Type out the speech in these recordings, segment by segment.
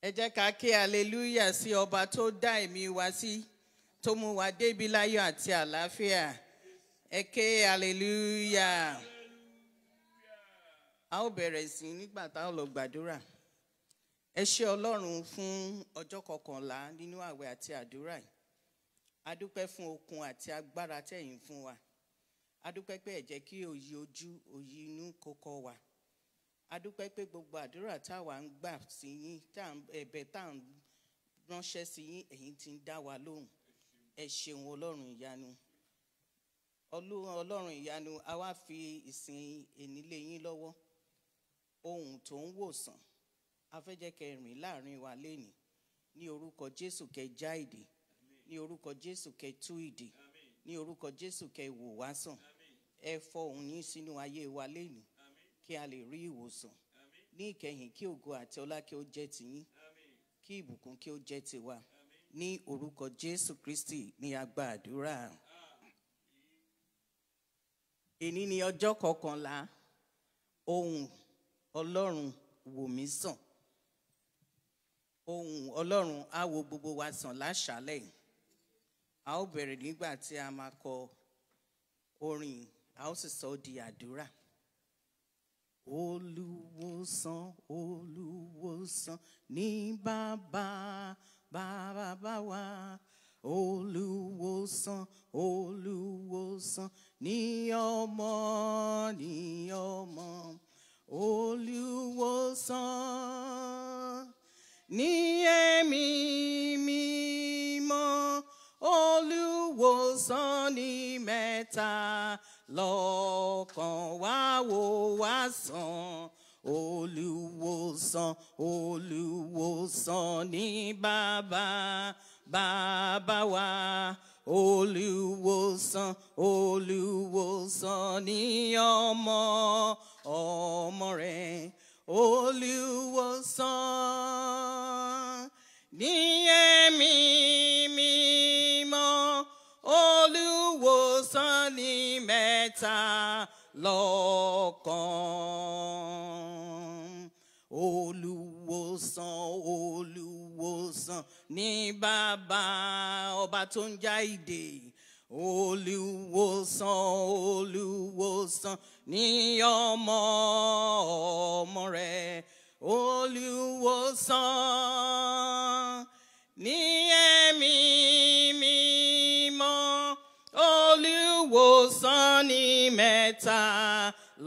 ẹ jẹ́ ká ké aleluya sí ọba tó dá ẹ̀mí wa sí tó mú wa débi láyọ̀ àti àlàáfíà ẹ ké aleluya a ó bẹ̀rẹ̀ sí nígbà tá a lọ gbàdúrà ẹ ṣé ọlọ́run fún ọjọ́ kọkànlá nínú àwẹ̀ àti àdúrà yìí a fún okun àti agbára tẹ̀yìn fún wa a pé ẹ kí òyì ojú òyì inú kó wa adúpẹ́ pé gbogbo àdúrà táwa ń gbà sí yín ẹ̀bẹ̀ tá à ń ránṣẹ́ sí yín ẹ̀yin ti ń dá wa lóhùn ẹ ṣeun ọlọ́run ìyanu ọlọ́run ìyanu a wá fi ìsìn ènìlé yín lọ́wọ́ ohun tó ń wòsàn afẹ́jẹ́kẹ́ rìn láàrin wa lénìí ní orúkọ jésù kẹ́ já ìdè ní orúkọ jésù kẹ́ tú ìdè ní orúkọ jésù kẹ́ wò wá sàn ẹ fọ òun yín sínú ayé wa lénìí kí a lè rí ìwòsàn ní ìkẹyìn kí ògo àti ọlá kí ó jẹ́ tiyín kí ìbùkún kí ó jẹ́ tiwa ní orúkọ Jésù Kristi ní a èní ni ọjọ́ kọkànlá ohùn Ọlọ́run wò mí sàn ohùn Ọlọ́run á wo gbogbo wa sàn láṣálẹ̀ a ó bẹ̀rẹ̀ nígbà tí a máa kọ orin a ó sì sọ ọ́ di àdúrà olùwòsàn olùwòsàn ni bàbá bàbá wa olùwòsàn olùwòsàn ni ọmọ ni ọmọ olùwòsàn ni ẹ̀mí mímọ́ olùwòsàn ni mẹ́ta. lọ́kàn wá wò wá sàn. Olùwòsàn olùwòsàn ni bàbá bàbá wa. Olùwòsàn olùwòsàn ni ọmọ ọmọ rẹ̀. Olùwòsàn ni ẹ̀mí mi. sán ní mẹ́ta lọ́kan. Olùwòsàn olùwòsàn ní bàbá ọba tó ń já ìdè. Olùwòsàn olùwòsàn ní ọmọ ọmọ rẹ̀. Olùwòsàn ní ẹ̀mí mímọ́ olùwòsàn ní mẹ́ta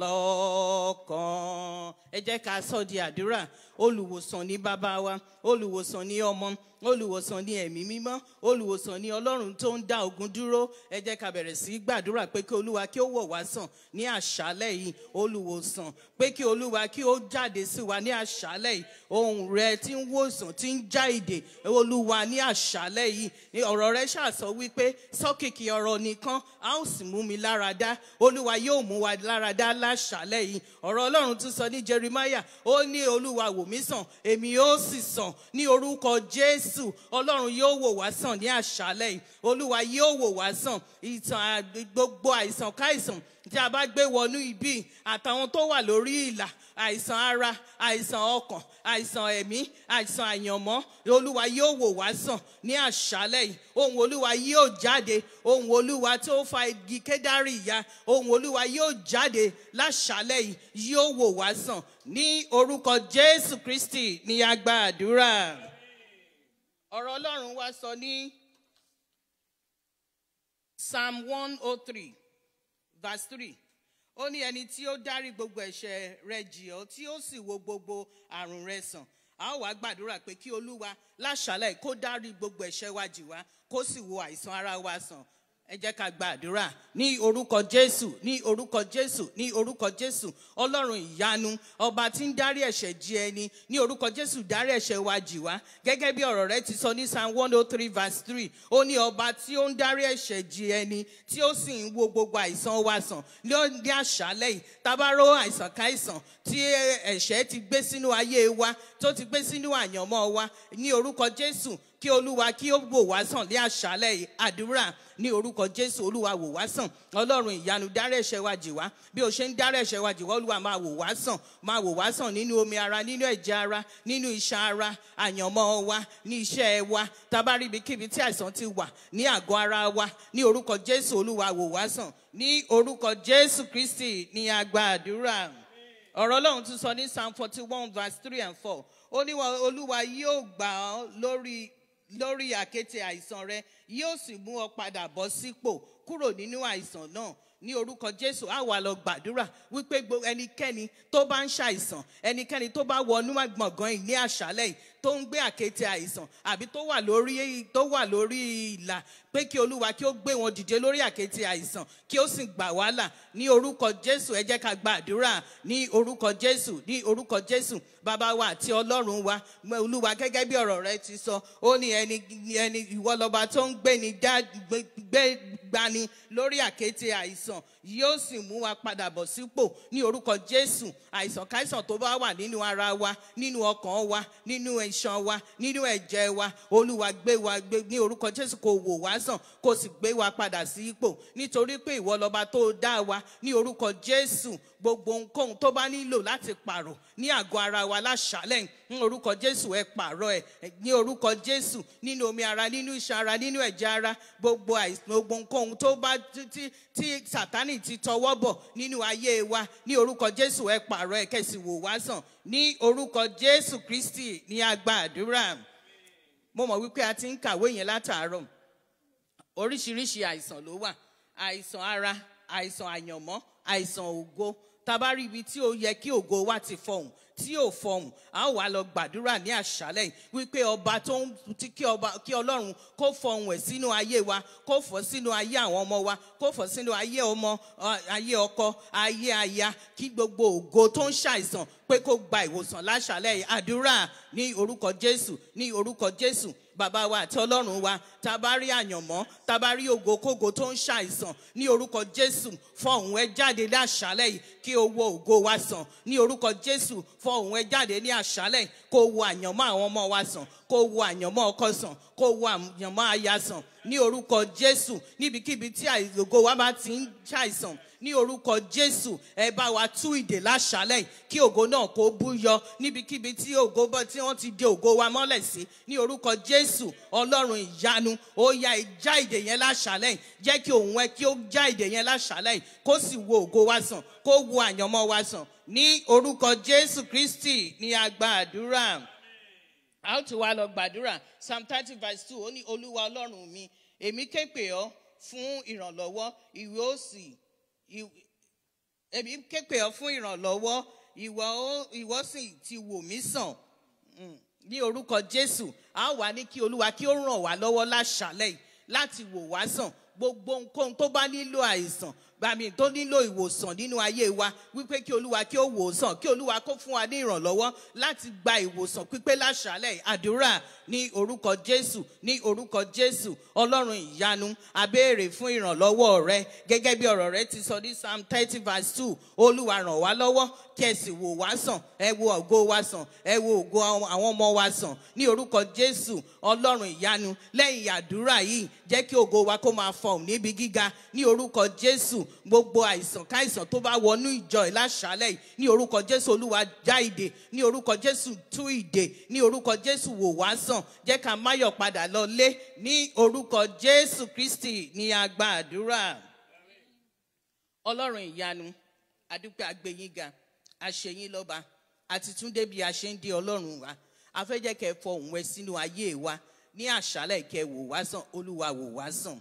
lọ́kàn. ẹ jẹ́ ká sọ di àdúrà olùwòsàn ni bàbá wa olùwòsàn ni ọmọ olùwòsàn ni ẹ̀mí mímọ́ olùwòsàn ni ọlọ́run tó ń dá ogun dúró ẹ jẹ́ ká bẹ̀rẹ̀ sí gbàdúrà pé kí olúwa kí ó wọ̀ wá sàn ní àṣálẹ̀ yìí olùwòsàn pé kí olúwa kí ó jáde sí wa ní àṣálẹ̀ yìí ohùn rẹ tí ń wòsàn tí ń já ìdè olúwa ní àṣálẹ̀ yìí ọ̀rọ̀ rẹ ṣàṣọ wípé sọ́kìkì ọ̀rọ̀ nìkan a ó sì mú mi lára olúwa yóò mú wa lára láṣálẹ̀ yìí ọ̀rọ̀ ọlọ́run tún sọ ní Jeremiah ó ní olúwa wò mi sàn èmi yóò sì sàn ní orúkọ Jésù Ọlọ́run yóò wò wá sàn ní àṣálẹ́ yìí Olúwa yóò wò wá sàn ìtàn gbogbo àìsàn káìsàn tí a bá gbé wọnú ibi àtàwọn tó wà lórí ìlà àìsàn ara àìsàn ọkàn àìsàn ẹ̀mí àìsàn àyànmọ́ olúwa yóò wò wá sàn ní àṣálẹ̀ yìí ohùn olúwa yóò jáde ohùn olúwa tó fa igi kédárì ìyá ohùn olúwa yóò jáde láṣálẹ̀ yìí yóò wò wá sàn ní orúkọ jésù kristi ní a àdúrà ọ̀rọ̀ ọlọ́run wa sọ ní psalm one oh three verse three ó ní ẹni tí ó dárí gbogbo ẹ̀ṣẹ̀ rẹ jì ọ́ tí ó sì wo gbogbo àrùn rẹ sàn a ó wá gbàdúrà pé kí olúwa láṣàlẹ̀ kó dárí gbogbo ẹ̀ṣẹ̀ wa jì kó sì wo àìsàn ara wa sàn ẹ jẹ́ ká gba àdúrà ní orúkọ jésù ní orúkọ jésù ní orúkọ jésù ọlọ́run ìyanu ọba tí ń dárí ẹ̀ṣẹ̀ jì ẹni ní orúkọ jésù dárí ẹ̀ṣẹ̀ wa jì wá gẹ́gẹ́ bí ọ̀rọ̀ rẹ ti sọ ní psalm one oh three verse three ó ní ọba tí ó ń dárí ẹ̀ṣẹ̀ jì ẹni tí ó sì ń wo gbogbo àìsàn wa sàn ní àṣálẹ́ yìí tabaró àìsàn káìsàn tí ẹ̀ṣẹ̀ ti gbé sínú ayé wa tó ti gbé sínú àyànmọ́ wa ní orúkọ jésù kí olúwa kí ó wò wá sàn lé àṣálẹ́ àdúrà ní orúkọ jésù olúwa wò wá sàn ọlọ́run ìyanu dára ẹ̀ṣẹ̀ wa jì wá bí o ṣe ń dára ẹ̀ṣẹ̀ wa jì wá olúwa máa wò wá sàn máa wò wá sàn nínú omi ara nínú ẹ̀jẹ̀ ara nínú iṣan ara àyànmọ́ wa ní iṣẹ́ wa tabari ibikíbi tí àìsàn ti wà ní àgọ́ ara wa ní orúkọ jésù olúwa wò wá sàn ní orúkọ jésù kristi ní àgbà àdúrà ọ̀rọ̀ ọlọ́run tún sọ ní psalm forty one verse three and four ó ní olúwa yóò gbà ọ́ lórí lórí àkéte àìsàn rẹ yóò sì mú ọ padà bọ́ sípò kúrò nínú àìsàn náà ní orúkọ jésù á wà lọ gbàdúrà wípé ẹnikẹ́ni tó bá ń ṣàìsàn ẹnikẹ́ni tó bá wọnú gbọ̀ngàn yìí ní yìí tó ń gbé àkéte àìsàn àbí tó wà lórí tó wà lórí ìlà pé kí olúwa kí ó gbé wọn dìde lórí àkéte àìsàn kí ó sì gbà wá là ní orúkọ jésù ẹ jẹ́ ká gba àdúrà ní orúkọ jésù ní orúkọ jésù bàbá wa àti ọlọ́run wa olúwa gẹ́gẹ́ bí ọ̀rọ̀ rẹ ti sọ ó ní ẹni ẹni ìwọ lọ́ba tó ń gbé ni gbé gbani lórí àkéte àìsàn yóò sì mú wa padà bọ̀ sípò ní orúkọ jésù àìsàn káìsàn tó bá wà nínú ara wa nínú ọkàn wa nínú ẹ̀ iṣan wa nínú ẹ̀jẹ̀ wa olúwa gbé wa gbé ní orúkọ jésù kò wò wá sàn kò sì gbé wa padà sí ipò nítorí pé ìwọ lọba tó dá wa ní orúkọ jésù gbogbo ohunkóhun tó bá nílò láti pààrọ̀ ní àgọ́ ara wa láṣálẹ̀ ní orúkọ jésù ẹ pààrọ̀ ẹ ní orúkọ jésù nínú omi ara nínú iṣan ara nínú ẹ̀jẹ̀ ara gbogbo àìsàn gbogbo nǹkan tó bá ti ti sátánì ti tọwọ́ bọ̀ nínú ayé wa ní orúkọ jésù ẹ pààrọ̀ ẹ kẹsì wò wá sàn ní orúkọ jésù kristi ní àgbà àdúrà mo mọ̀ wípé a ti ń kàwé yẹn látàárọ̀ oríṣiríṣi àìsàn ló wà àìsàn ara àìsàn àyànmọ́ àìsàn ògo tàbá rí ibi tí ó yẹ kí ògo wa ti fọhùn tí ò fọhùn a ó wá lọ gbàdúrà ní àṣálẹ́ wípé ọba tó ń ti kí ọba kí ọlọ́run kó fọhùn ẹ̀ sínú ayé wa kó fọ sínú ayé àwọn ọmọ wa kó fọ sínú ayé ọmọ ayé ọkọ ayé aya kí gbogbo ògo tó ń ṣàìsàn pé kó gba ìwòsàn láṣálẹ́ yìí àdúrà ní orúkọ jésù ní orúkọ jésù bàbá wa àti ọlọ́run wa Tabari a bá rí àyànmọ́ tá a bá rí ògókògó tó ń ṣàìsàn ní orúkọ Jésù fọ òun ẹ jáde ní àṣálẹ́ yìí kí o wo ògo wa sàn ní orúkọ Jésù fọ òun ẹ jáde ní àṣálẹ́ kó o wo àyànmọ́ àwọn ọmọ wa sàn kó wo àyànmọ́ ọkọ sàn kó wo àyànmọ́ aya sàn ní orúkọ Jésù níbikíbi tí ògo wa bá ti ń ṣàìsàn ní orúkọ jésù ẹ bá wa tú ìdè láṣálẹ́ kí ògo náà kó bú yọ níbikíbi tí ògo bọ tí wọ́n ti de ògo wa mọ́lẹ̀ sí ní orúkọ jésù ọlọ́run ìyanu lẹ́nu ó ya ìjà ìdè yẹn láṣàlẹ̀ jẹ́ kí òun ẹ kí ó já ìdè yẹn láṣàlẹ̀ kó sì wo ògo wa sàn kó wo àyànmọ́ wa sàn ní orúkọ Jésù Kristi ní a gba àdúrà a ó ti wá lọ gbàdúrà Psalm thirty verse two ó ní Olúwa Ọlọ́run mi èmi ké pè ọ́ fún ìrànlọ́wọ́ ìwọ ó sì èmi ké ọ́ fún ìrànlọ́wọ́ ìwọ sì ti wò mí sàn. Hmm ní orúkọ jésù a wà ní kí olúwa kí ó ràn wá lọ́wọ́ láṣálẹ́ láti wò wá sàn gbogbo ohunkóhun tó bá nílò àìsàn àmì tó nílò ìwòsàn nínú ayé wa wípé kí olúwa kí ó wòsàn kí olúwa kó fún wa ní ìrànlọ́wọ́ láti gba ìwòsàn pípé láṣálẹ̀ àdúrà ní orúkọ jésù ní orúkọ jésù ọlọ́run ìyanu a béèrè fún ìrànlọ́wọ́ rẹ gẹ́gẹ́ bí ọ̀rọ̀ rẹ ti sọ ní psalm thirty verse two olúwa ràn wá lọ́wọ́ kí ẹ sì wò wá sàn ẹ wo ògo wa sàn ẹ wo ògo àwọn ọmọ wa sàn ní orúkọ jésù ọlọ́run ìyanu lẹ́yìn àdúrà yìí jẹ́ kí ògo wa kó máa fọhùn níbi gíga ní orúkọ jésù gbogbo àìsàn káìsàn tó bá wọnú ìjọ yìí láṣálẹ̀ yìí ní orúkọ jésù olúwa já ìdè ní orúkọ jésù tú ìdè ní orúkọ jésù wò wá sàn jẹ́ ká máyọ̀ padà lọ lé ní orúkọ jésù kristi ní agbá àdúrà. ọlọ́run ìyanu àdúpẹ́ àgbẹ̀yìnga àṣeyín lọ́ba àti túndé bí a ṣe ń di ọlọ́run wa a fẹ́ jẹ́ kẹ́ fọhùn ẹ sínú ayé wa ní àṣálẹ̀ kẹ́ wò wá sàn olúwa wò wá sàn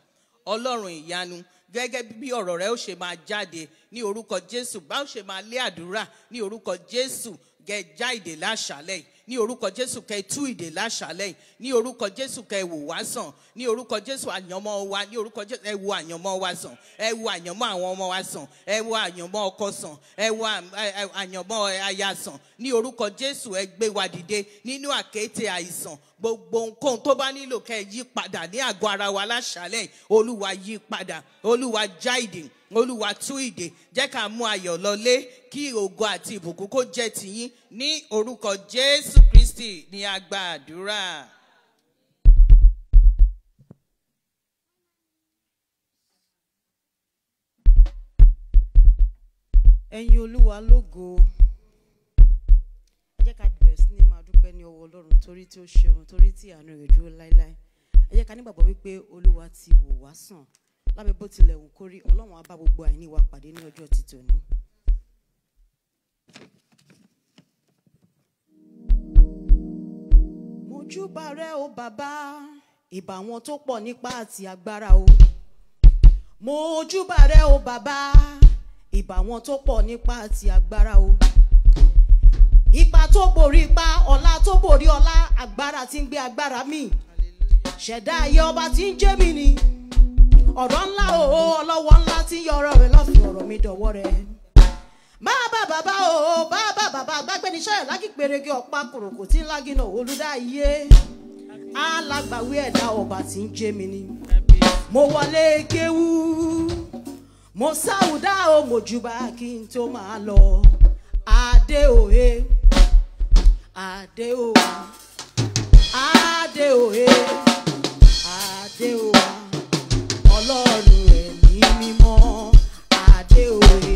ọlọ́run ìyanu gẹ́gẹ́ bí ọ̀rọ̀ rẹ ó ṣe máa jáde ní orúkọ Jésù bá ó ṣe máa lé àdúrà ní orúkọ Jésù gẹ já láṣálẹ̀ yìí ní orúkọ jésù kẹ tú ìdè láṣálẹ́ ní orúkọ jésù kẹ wò wá sàn ní orúkọ jésù àyànmọ́ wa ní orúkọ jésù ẹ wo àyànmọ́ wa sàn ẹ wo àyànmọ́ àwọn ọmọ wa sàn ẹ wo àyànmọ́ ọkọ sàn ẹ wo àyànmọ́ aya sàn ní orúkọ jésù ẹ gbé wa dìde nínú àkété àìsàn gbogbo nǹkan tó bá nílò kẹ yí padà ní àgọ́ ara wa láṣálẹ́ olúwa yí padà olúwa jáìdì olúwa tú ìdè jẹ́ ká mú ayọ̀ lọlé kí ògo àti ìbùkún kó jẹ́ tiyín ní orúkọ jésù kristi ni a gba àdúrà. ẹ̀yin olúwa lógo ẹ jẹ́ ká bẹ̀rẹ̀ sí ní máa dúpẹ́ ní ọwọ́ ọlọ́run torí tí ó ṣeun torí tí àánú rẹ̀ dúró láéláé ẹ jẹ́ ká nígbàgbọ́ wípé olúwa ti wò wá sàn lábẹ́ bó tilẹ̀ wù kórí ọlọ́run á bá gbogbo àìní wa pàdé ní ọjọ́ ti tòní. mojúbà rẹ o bàbá ìbà wọn tó pọ̀ nípa àti agbára o mojúbà rẹ o bàbá ìbà wọn tó pọ̀ nípa àti agbára o ipa tó borí ipa ọlá tó borí ọlá agbára tí ń gbé agbára mi ṣẹ̀dá ayé ọba tí ń jẹ́ mi ni ọ̀rọ̀ ńlá o ọlọ́wọ́ ńlá tí ń yọ ọ̀rọ̀ rẹ̀ lọ́fìn ọ̀rọ̀ mi dọ̀wọ́ rẹ̀. bàbá bàbá o bàbá bàbá agbágbéniṣẹ́ rẹ̀ lágìgbèrègé ọ̀pá kòròkò tí ń lágínà olùdáyé alàgbàwé ẹ̀dá ọba tí ń jẹ́ mi ni. mo wọlé kéwú mo sáwùdá o mo jùbà kí n tó máa lọ adé òye adé òye adé òye adé òye ọlọ́run ẹ̀mí mímọ́ adé òye.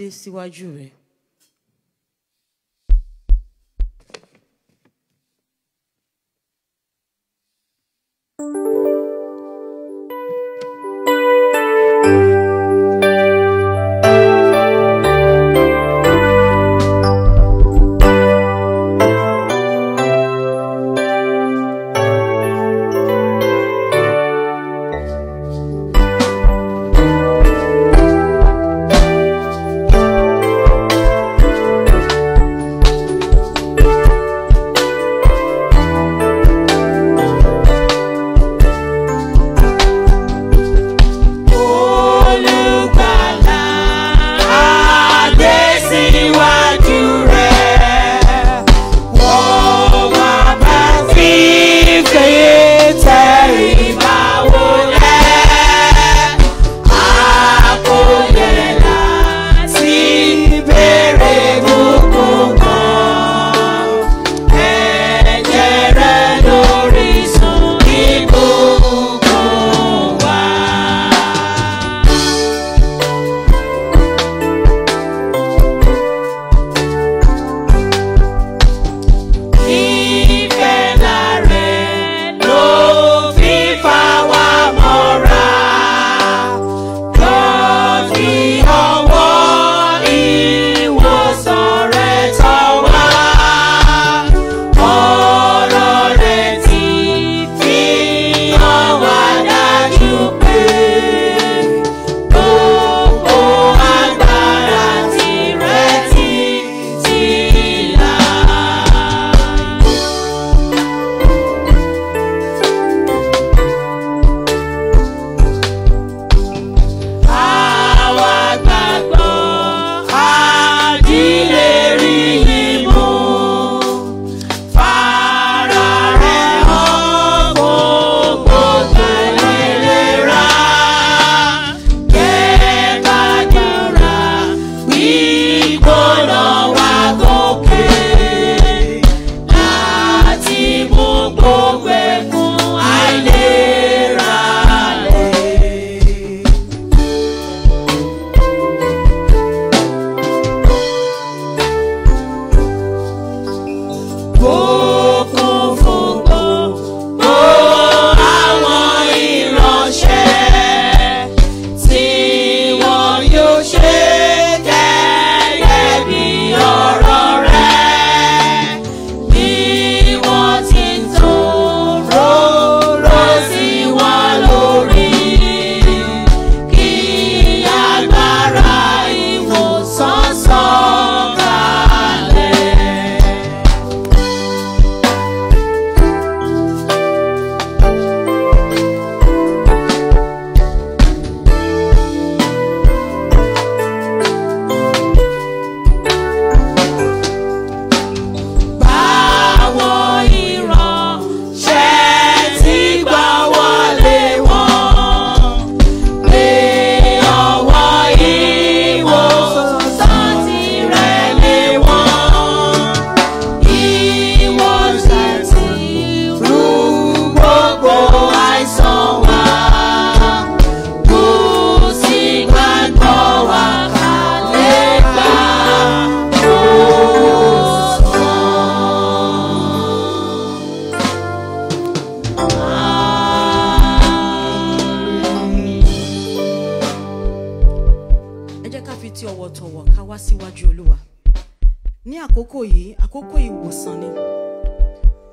dé síwájú rẹ. thank you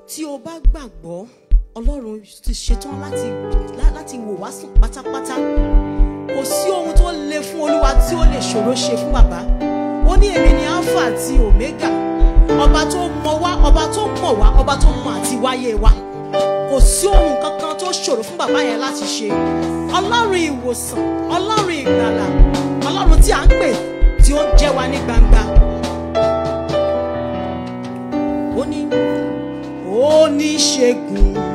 tí o bá gbàgbọ́ ọlọ́run ti ṣetán láti láti wò wá sùn pátápátá kò sí ohun tó le fún olúwa tí ó lè ṣòro ṣe fún bàbá ó ní èmi ni alpha àti omega ọba tó mọ wá ọba tó mọ̀ wá ọba tó mọ̀ àti wáyé wa kò sí ohun kankan tó ṣòro fún bàbá yẹn láti ṣe ọlọ́run ìwòsàn ọlọ́run ìgbàlà ọlọ́run tí a ń oníṣègùn.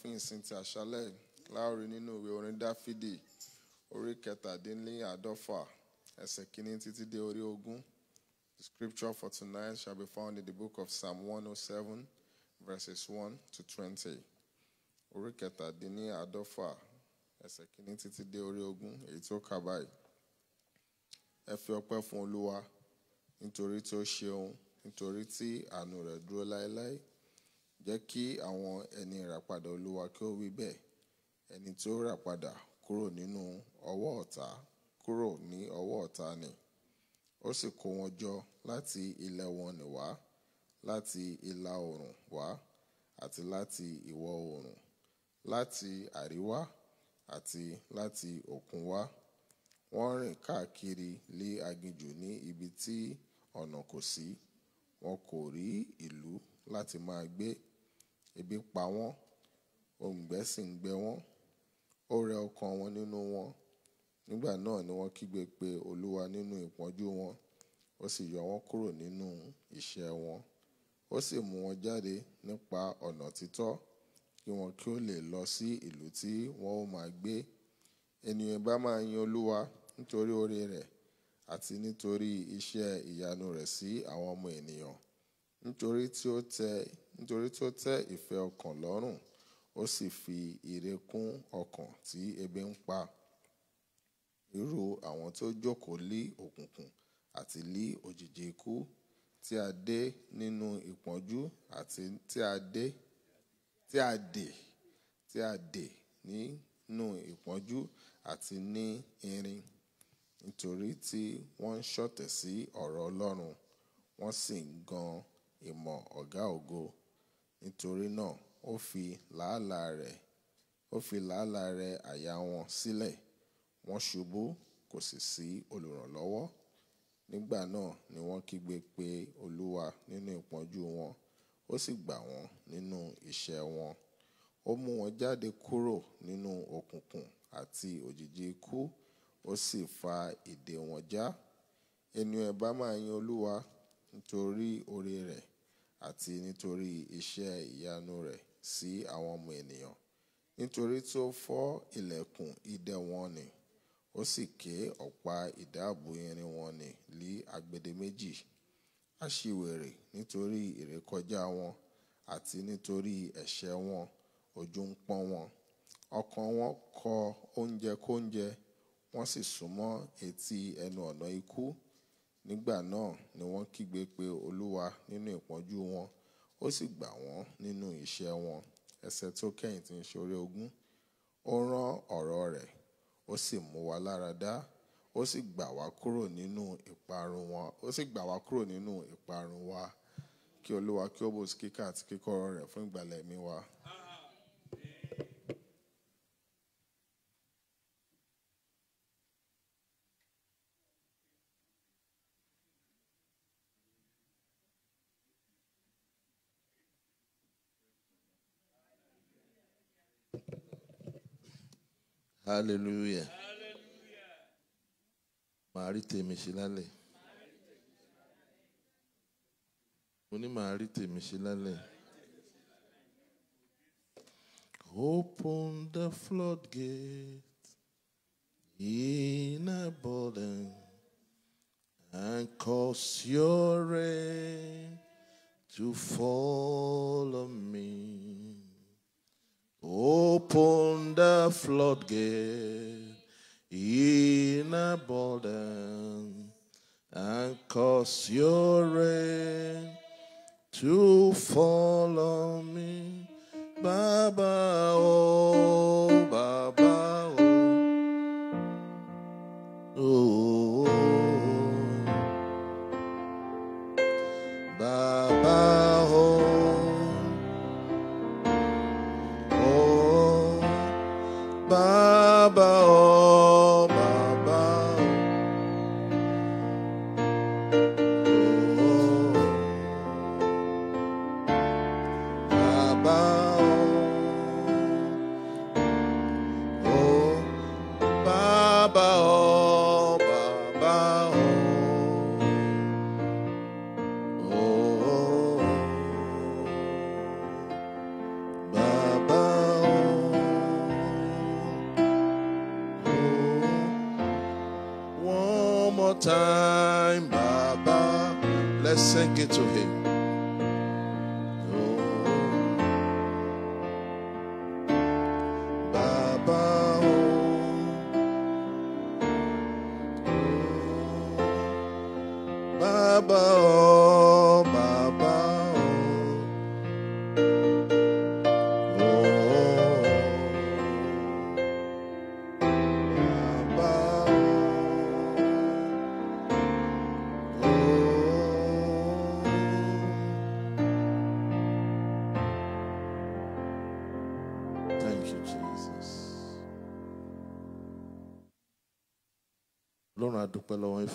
fún ìsìn ti àṣálẹ́ láòrí nínú ìwé orin dáfídì orí kẹtàdínláàádọ́fà ẹsẹ̀ kìíní títí dé orí ogún the scripture for tonight shall be found in the book of psalm 107, verses 1 to 20. orí kẹtàdínláàádọ́fà ẹsẹ̀ kìíní títí dé orí ogún èyí tó kà báyìí ẹ fi ọpẹ́ fún olúwa nítorí tí ó ṣeun nítorí tí àánú rẹ̀ dúró láéláé jẹ́ kí àwọn ẹni ìràpadà olúwa kí ó wí bẹ́ẹ̀ ẹni tí ó rà padà kúrò nínú ọwọ́ ọ̀tá kúrò ní ọwọ́ ọ̀tá ni ó sì kó wọn jọ láti ilẹ̀ wọn nì wá láti ìlà oòrùn wá àti láti ìwọ̀ oòrùn láti àríwá àti láti òkun wá wọ́n rìn káàkiri lé aginjù ní ibi tí ọ̀nà kò sí wọn kò rí ìlú láti máa gbé ebi pa wọ́n òǹgbẹ sì ń gbẹ wọ́n ó rẹ ọkàn wọn nínú wọn nígbà náà ni wọ́n kígbe pe olúwa nínú ìpọ́njú wọn ó sì yọ wọ́n kúrò nínú ìṣẹ́ wọn ó sì mú wọn jáde nípa ọ̀nà títọ́ kí wọn kí ó lè lọ sí ìlú tí wọn ó máa gbé ènìyàn bá máa yin olúwa nítorí oore rẹ̀ àti nítorí iṣẹ́ ìyanu rẹ̀ sí àwọn ọmọ ènìyàn nítorí tí ó tẹ nítorí tó tẹ́ ìfẹ́ ọkàn lọ́rùn ó sì fi ire kún ọkàn tí ebi ń pa irú àwọn tó jókòó lí òkùnkùn àti lí òjìji ikú tí a dé nínú ìpọ́njú àti tí a dé tí a dè tí a dè nínú ìpọ́njú àti ní irin nítorí tí wọ́n ń ṣọ̀tẹ̀ sí ọ̀rọ̀ Ọlọ́run wọ́n sì ń gan ìmọ̀ ọ̀gá ògo Nítorí náà, ó fi làálàá rẹ̀, ó fi làálàá rẹ̀ àyà wọn sílẹ̀. Wọ́n ṣubú, kò sì sí olùrànlọ́wọ́. Nígbà náà ni wọ́n kígbe pé Olúwa nínú ìpọ́njú wọn, ó sì gbà wọ́n nínú ìṣẹ́ wọn. Ó mú wọn jáde kúrò nínú òkùnkùn àti òjìji ikú, ó sì fa ìdè wọn já. Ènìyàn bá máa yin Olúwa nítorí oore rẹ̀ àti nítorí iṣẹ́ ìyanu rẹ̀ sí àwọn ọmọ ènìyàn nítorí tí ó fọ́ ilẹ̀kùn idẹ wọn nì ó sì ké ọ̀pá ìdáàbò irin wọn nì lí agbede méjì aṣiwèrè nítorí ìrékọjá wọn àti nítorí ẹ̀ṣẹ̀ wọn ojú ń pọ́n wọn ọkàn wọn kọ oúnjẹ kóúnjẹ wọ́n sì súnmọ́ etí ẹnu ọ̀nà ikú. Nígbà náà ni wọ́n kígbe pe Olúwa nínú ìpọ́njú wọn, ó sì gbà wọ́n nínú ìṣẹ́ wọn. Ẹsẹ tó kẹ́yìn tí ń ṣe orí ogún. Ó rán ọ̀rọ̀ rẹ̀, ó sì mú wa láradá, ó sì gbà wá kúrò nínú ìparun wọn, ó sì gbà wá kúrò nínú ìparun wa. Kí Olúwa kí ó bùsi kíkà àti kíkọ́ ọ̀rọ̀ rẹ̀ fún ìgbàlà ẹ̀mí wa. hallelujah Marite michelale. tèmi ṣe Open the floodgate in a burden and cause your rain to fall on me. Open the floodgate in abundance and cause your rain to fall on me. Baba, oh, Baba, oh. oh, oh. Baba.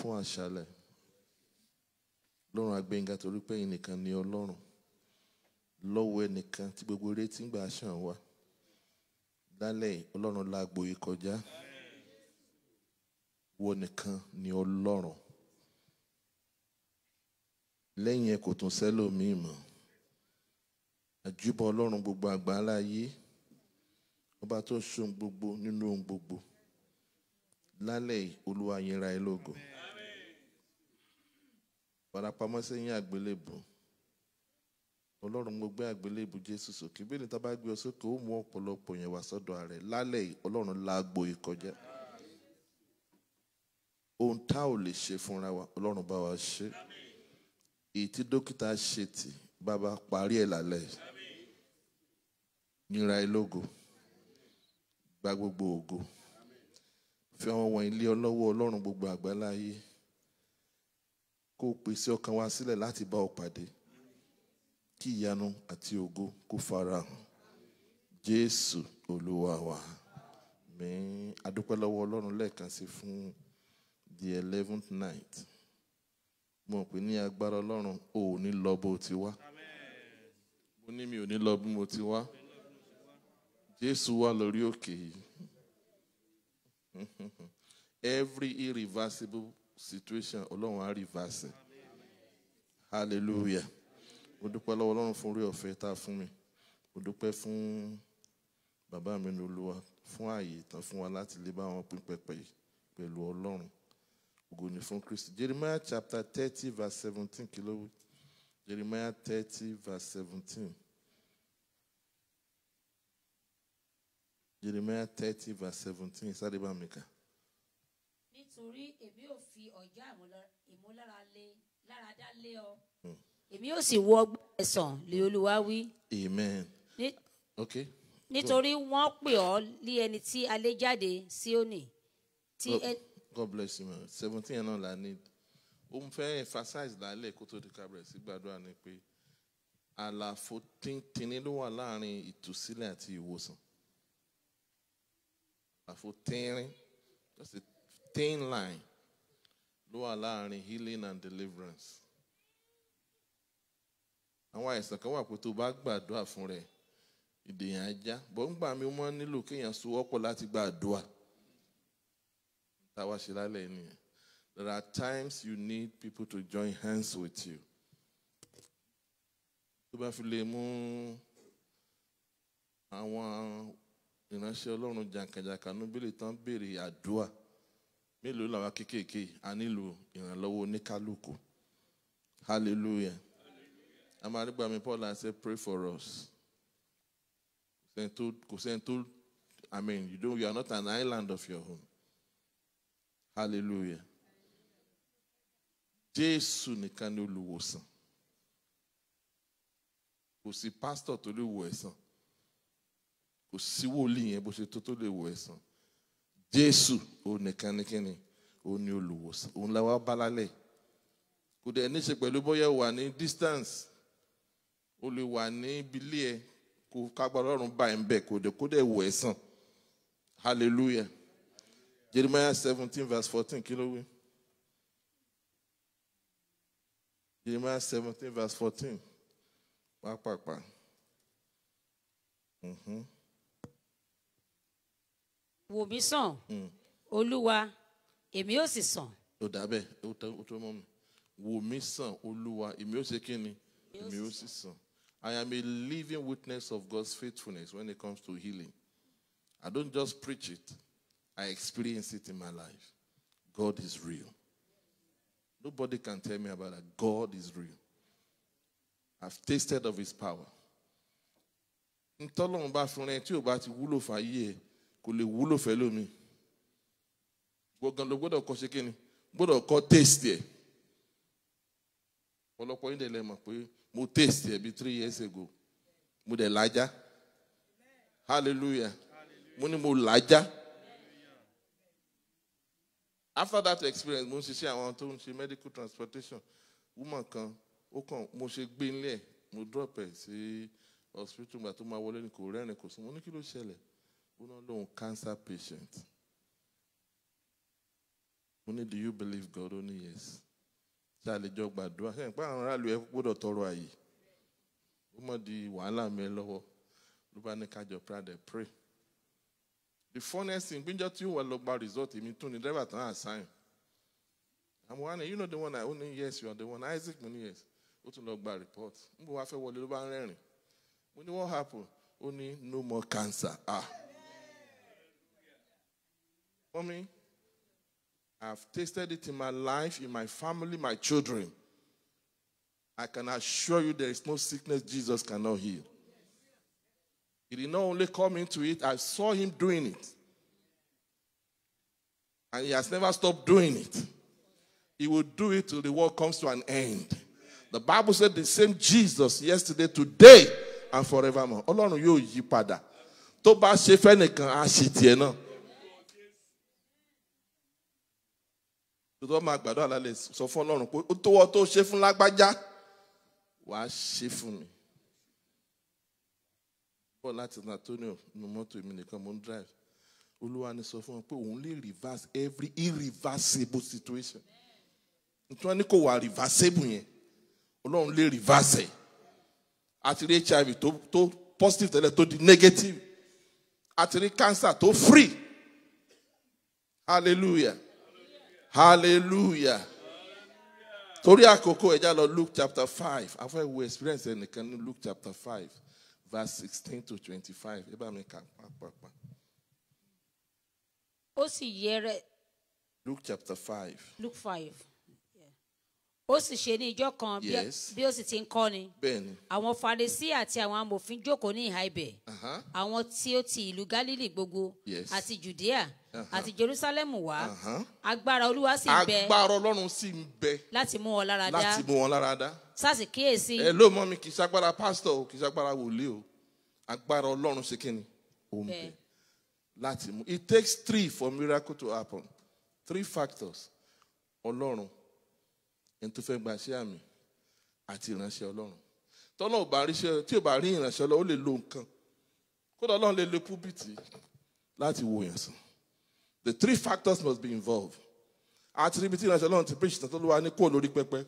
fún àṣálẹ́ lọ́run agbẹ́yìnká torí pé ẹ̀yin nìkan ni ọlọ́run lọ́wọ́ ẹnìkan tí gbogbo eré tí ń gbà ṣàn wá lálẹ́ ọlọ́run lágbo yìí kọjá wọ nìkan ni ọlọ́run lẹ́yìn ẹ kò tún sẹ́lòmíì mọ́ àjùbọ̀ ọlọ́run gbogbo àgbáńlá ayé ọba tó ń ṣohun gbogbo nínú ohun gbogbo lálẹ́ olúwa yín ẹ lógo. Amen pamọ́ sẹ́yìn àgbélébù ọlọ́run mo gbé àgbélébù jésù sókè bí ní tábà gbé ọ sókè ó mú ọ̀pọ̀lọpọ̀ yẹn wá sọ́dọ̀ rẹ̀ lálẹ́ ọlọ́run lágbo ìkọjá ohun tá ò lè ṣe fúnra wa ọlọ́run bá wa ṣe èyí tí dókítà ṣe tì bàbá parí ẹ̀ lálẹ́ yínra ẹ gba gbogbo ògo fi àwọn wọ̀nyí lé ọlọ́wọ́ ọlọ́run gbogbo àgbáláyé kó pèsè ọkàn wa sílẹ̀ láti bá ọ pàdé kí ìyanu àti ògo kó fara hàn jésù olúwa wa mi adúpẹ́ ọlọ́run lẹ́ẹ̀kan sí fún the eleventh night mo pè ní agbára ọlọ́run o ò ní lọ bó ti wá mo ní mi ò ní lọ bí mo ti wá jésù wà lórí òkè yìí every irreversible situation ọlọ́run á reverse hallelujah mo dúpẹ́ lọ́wọ́ ọlọ́run fún orí ọ̀fẹ́ tá a fún mi mo dúpẹ́ fún bàbá mi ní olúwa fún ààyè ìtàn fún wa láti lè bá wọn pín pẹpẹ pẹ̀lú ọlọ́run ògo ni fún Kristi Jeremiah chapter thirty verse seventeen kí Jeremiah thirty verse seventeen. Jeremiah 30, verse 17. Is that torí èmi ò fi ọjọ́ ìmúlára lé láradá lé ọ hmm. èmi ò sì wọ ẹ̀san lé Olúwa wí. amen. Ni, okay. nítorí wọ́n pè ọ́ lé ẹni tí a jáde Síónì. tí God bless you man seventeen náà la need ó ń fẹ́ emphasize lálẹ́ kó tó di kábẹ̀rẹ̀ sí gbàdúrà ni pé àlàfo tíntìní ló wà láàrin ìtúsílẹ̀ àti ìwòsàn àlàfo tínrín thin line ló wà healing and deliverance àwọn àìsàn kan wà pé tó bá gbàdúrà fún rẹ ìdèyàn ajá bó ń gbà mí ó nílò kéèyàn so ọ̀pọ̀ láti gbàdúrà táwa ṣe lálẹ́ nìyẹn there are times you need people to join hands with you tó bá fi lè mú àwọn ìránṣẹ́ ọlọ́run jàǹkàjàǹkà nú bílẹ̀ tán béèrè àdúrà mélòó làwa kéékèèké a nílò ìrànlọ́wọ́ oníkálukú hallelujah amarigbami paul and say pray for us kò sẹ́ni tó i mean you don't you are not an island of your own hallelujah jésù nìkan ni olùwòsàn kò sí pásítọ̀ tó lè wo ẹ̀san kò sí wòlíì yẹn bó ṣe tó tó lè wo ẹ̀san jésù òun nìkan ní kíni òun ni olùwòsàn òun la wá bá lálẹ́ kò dẹ̀ ní í bóyá wà ní distance o lè wà ní ibilé ẹ kó kágbára ọ̀run bá ẹ̀ ń bẹ̀ kó dẹ̀ kó dẹ̀ wọ̀ ẹ̀ sàn hallelujah jeremiah seventeen verse fourteen kí ló wí jeremiah seventeen verse fourteen pápápá. Mm-hmm. wò mí sàn hmm. olúwa èmi ó sì sàn. ó dà bẹ́ẹ̀ ó tẹ ó tó mọ́ mi wò mí sàn olúwa èmi ó ṣe kí èmi ó sì sàn. I am a living witness of God's faithfulness when it comes to healing. I don't just preach it, I experience it in my life. God is real. Nobody can tell me about that. God is real. I've tasted of his power. ntọ́lọ́run bá fún ẹ tí ò bá ti wúlò fàyè ẹ kò lè wúlò fẹ́ lómi gbọ̀ngàn ló gbọ́dọ̀ kọ́ ṣe kíni gbọ́dọ̀ kọ́ taste ẹ̀ ọ̀pọ̀lọpọ̀ yín dẹ̀ mọ̀ pé mo taste ẹ̀ bí three years ago mo dẹ̀ làjá hallelujah mo ní mo làjá after that experience mo ń ṣiṣẹ́ àwọn tó ń ṣe medical transportation woman kan ó kàn mo ṣe gbé nílẹ̀ mo drop ẹ̀ sí hospital gbà tó máa wọlé ní kò rẹ́rìn kò sùn mo ní kí ló ṣẹlẹ̀ ó náà cancer patient mo do you believe God ó yes ṣé a lè jọ gbàdúrà ṣe nípa àwọn aráàlú ẹ gbọ́dọ̀ tọrọ àyè ó mọ̀ di wàhálà mi lọ́wọ́ ló bá ní kájọ prade pray the funnest thing gbíjọ tí ó wà lọ gba result èmi tún ni driver tán àṣàyàn àmọ́ wà ní you know the one I ó yes you are the one Isaac mo ní yes ó tún lọ gba report níbo wàá fẹ́ wọlé ló bá ń rẹ́rìn mo ní what happen ó ní no more cancer ah. for me. I've tasted it in my life, in my family, my children. I can assure you there is no sickness Jesus cannot heal. He did not only come into it, I saw him doing it. And he has never stopped doing it. He will do it till the world comes to an end. The Bible said the same Jesus yesterday, today, and forevermore. Ọlọ́run yóò yí padà. Tó bá ṣe fẹ́nìkan, á ṣe tó tó máa gbàdúrà lálẹ́ sọ fún ọlọ́run pé ó tówọ́ tó ṣe fún lágbájá wàá ṣe fún mi. bọ́ láti san antonio nu mọ́tò mi nìkan mo ń drive olúwa ni sọ fún wọn pé òun lè reverse every irreversible situation nítorí wọn ní kò wà reversible yẹn ọlọ́run lè reverse ẹ̀ àti rí hiv tó tó positive tẹ́lẹ̀ tó di negative àti rí cancer tó free hallelujah hallelujah torí àkókò ẹja lọ luke chapter five afẹ́wò experience ẹnìkan ní luke chapter five verse sixteen to twenty-five ẹ bá mi kà pàápàá. ó sì yẹrẹ. luke chapter five. luke five ó sì ṣe ní ijọ́ kan bí ó sì ti ń kọ́ ni àwọn Farisí àti àwọn amòfin jókòó ní ìhà ibẹ̀ àwọn tí ó ti ìlú Gálílì gbogbo àti Jùdíà àti Jerúsálẹ́mù wá agbára Olúwa sì ń bẹ agbára Ọlọ́run sì ń bẹ láti mú wọn lára dá láti mú wọn lára dá sásì kíyèsí. ẹ ló mọ mi kì í ṣagbára pásítọ̀ o kì í ṣagbára wòlíì o agbára Ọlọ́run ṣe kí ni ó ń bẹ láti mú it takes three for miracle to happen three factors Ọlọ́run ẹni tó fẹ́ gbaṣẹ́ àmì àti ìránṣẹ́ ọlọ́run ò bá ríṣẹ́ tí ò bá rí ìránṣẹ́ ọlọ́run ó lè lo nǹkan kódà ọlọ́run lè lo púbìtì láti wo yẹn sùn the three factors must be involved àti ibi tí ìránṣẹ́ ọlọ́run ti bíríṣì tán tó ló wá ní kó lórí pẹpẹ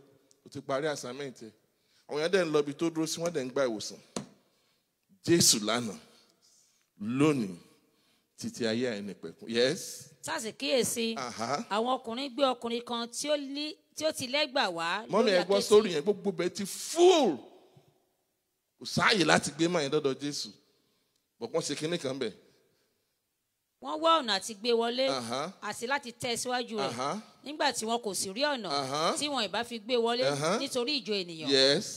ó ti birisi to ni ko lori pepe o ti pari àwọn yẹn dẹ̀ ń lọ ibi tó dúró sí wọ́n dẹ̀ ń gba ìwòsàn jésù lánàá lónìí títí ayé yes. sáàsì kíyèsí àwọn ọkùnrin gbé ọkùnrin kan tí ó ní tí ó ti lẹ́gbà wá. mọ́mí ẹ gbọ́ sórí yẹn gbogbo bẹ́ẹ̀ ti fúl kò sáàyè láti gbé mọ́ yẹn dọ́dọ̀ jésù bọ̀pọ̀ ṣe kínní kan bẹ̀. wọ́n wá ọ̀nà àti gbé wọlé àti láti tẹ̀ síwájú rẹ̀ nígbà tí wọn kò sì rí ọ̀nà tí wọn ìbá fi gbé wọlé nítorí ìjọ ènìyàn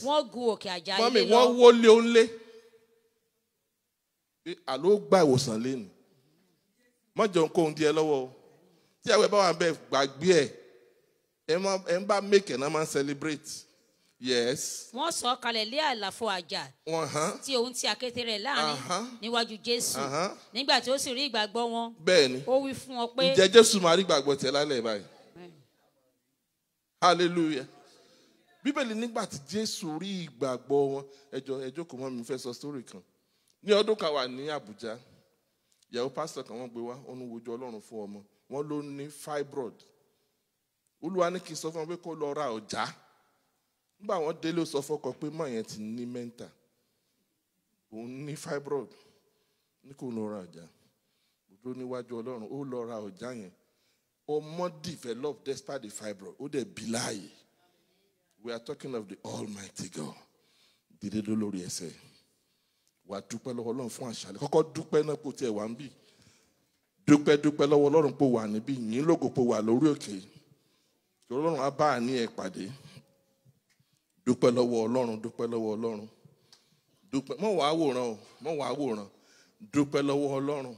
wọ́n gun òkè àjà ilé lọ. mọ́mí wọ́n wó lé ó lé àló gba ìwòsàn lénu má jọ nǹkan díẹ̀ lọ́wọ́ o tí àwọn ẹbá wà bẹ́ẹ̀ gbàgbé ẹ̀ ẹ ń bá make ẹ̀ máa ń celebrate yes. wọ́n sọ kalẹ̀ lé àlàfo àjà tí òun ti àkéte rẹ̀ láàrin níwájú jésù nígbà tí ó sì rí ìgbàgbọ́ wọn. bẹ́ẹ̀ni ó wí fún ọ pé. ǹjẹ́ jésù máa rí ìgbàgbọ́ tẹ̀ lálẹ́ báyìí hallelujah bíbélì nígbà tí jésù rí ìgbàgbọ́ wọn ẹjọ́ ẹjọ́ kò mọ́ mi fẹ́ sọ sórí kan ní ọdún kan wà ní àbújá ìyàwó pásítọ̀ kan wọ́n gbé wá ó ń wojú ọlọ́run fún ọmọ wọ́n ló ní fibroid olúwa ní kí n sọ fún wọn pé kó lọ ra ọjà nígbà wọn délé ó sọ fọkọ pé mọ yẹn ti ní mẹ́ńtà òun ní fibroid ní kò lọ ra ọjà òdó níwájú ọlọ́run ó lọ ra ọjà yẹn ọmọ develop despite the fibroid ó dẹ̀ bí láàyè we are talking of the almighty God dídé lórí ẹsẹ̀ yìí wà á dúpẹ́ lọ́wọ́ ọlọ́run fún àṣálẹ́ kọ́kọ́ dúpẹ́ náà kó tiẹ̀ wà ń bì dúpẹ́ dúpẹ́ lọ́wọ́ ọlọ́run pò wà níbí yìnyín lógo pò wà lórí òkè ọlọ́run á bá àní ẹ̀ pàdé dúpẹ́ lọ́wọ́ ọlọ́run dúpẹ́ lọ́wọ́ ọlọ́run dúpẹ́ mọ̀ wá wòran o mọ̀ wá wòran dúpẹ́ lọ́wọ́ ọlọ́run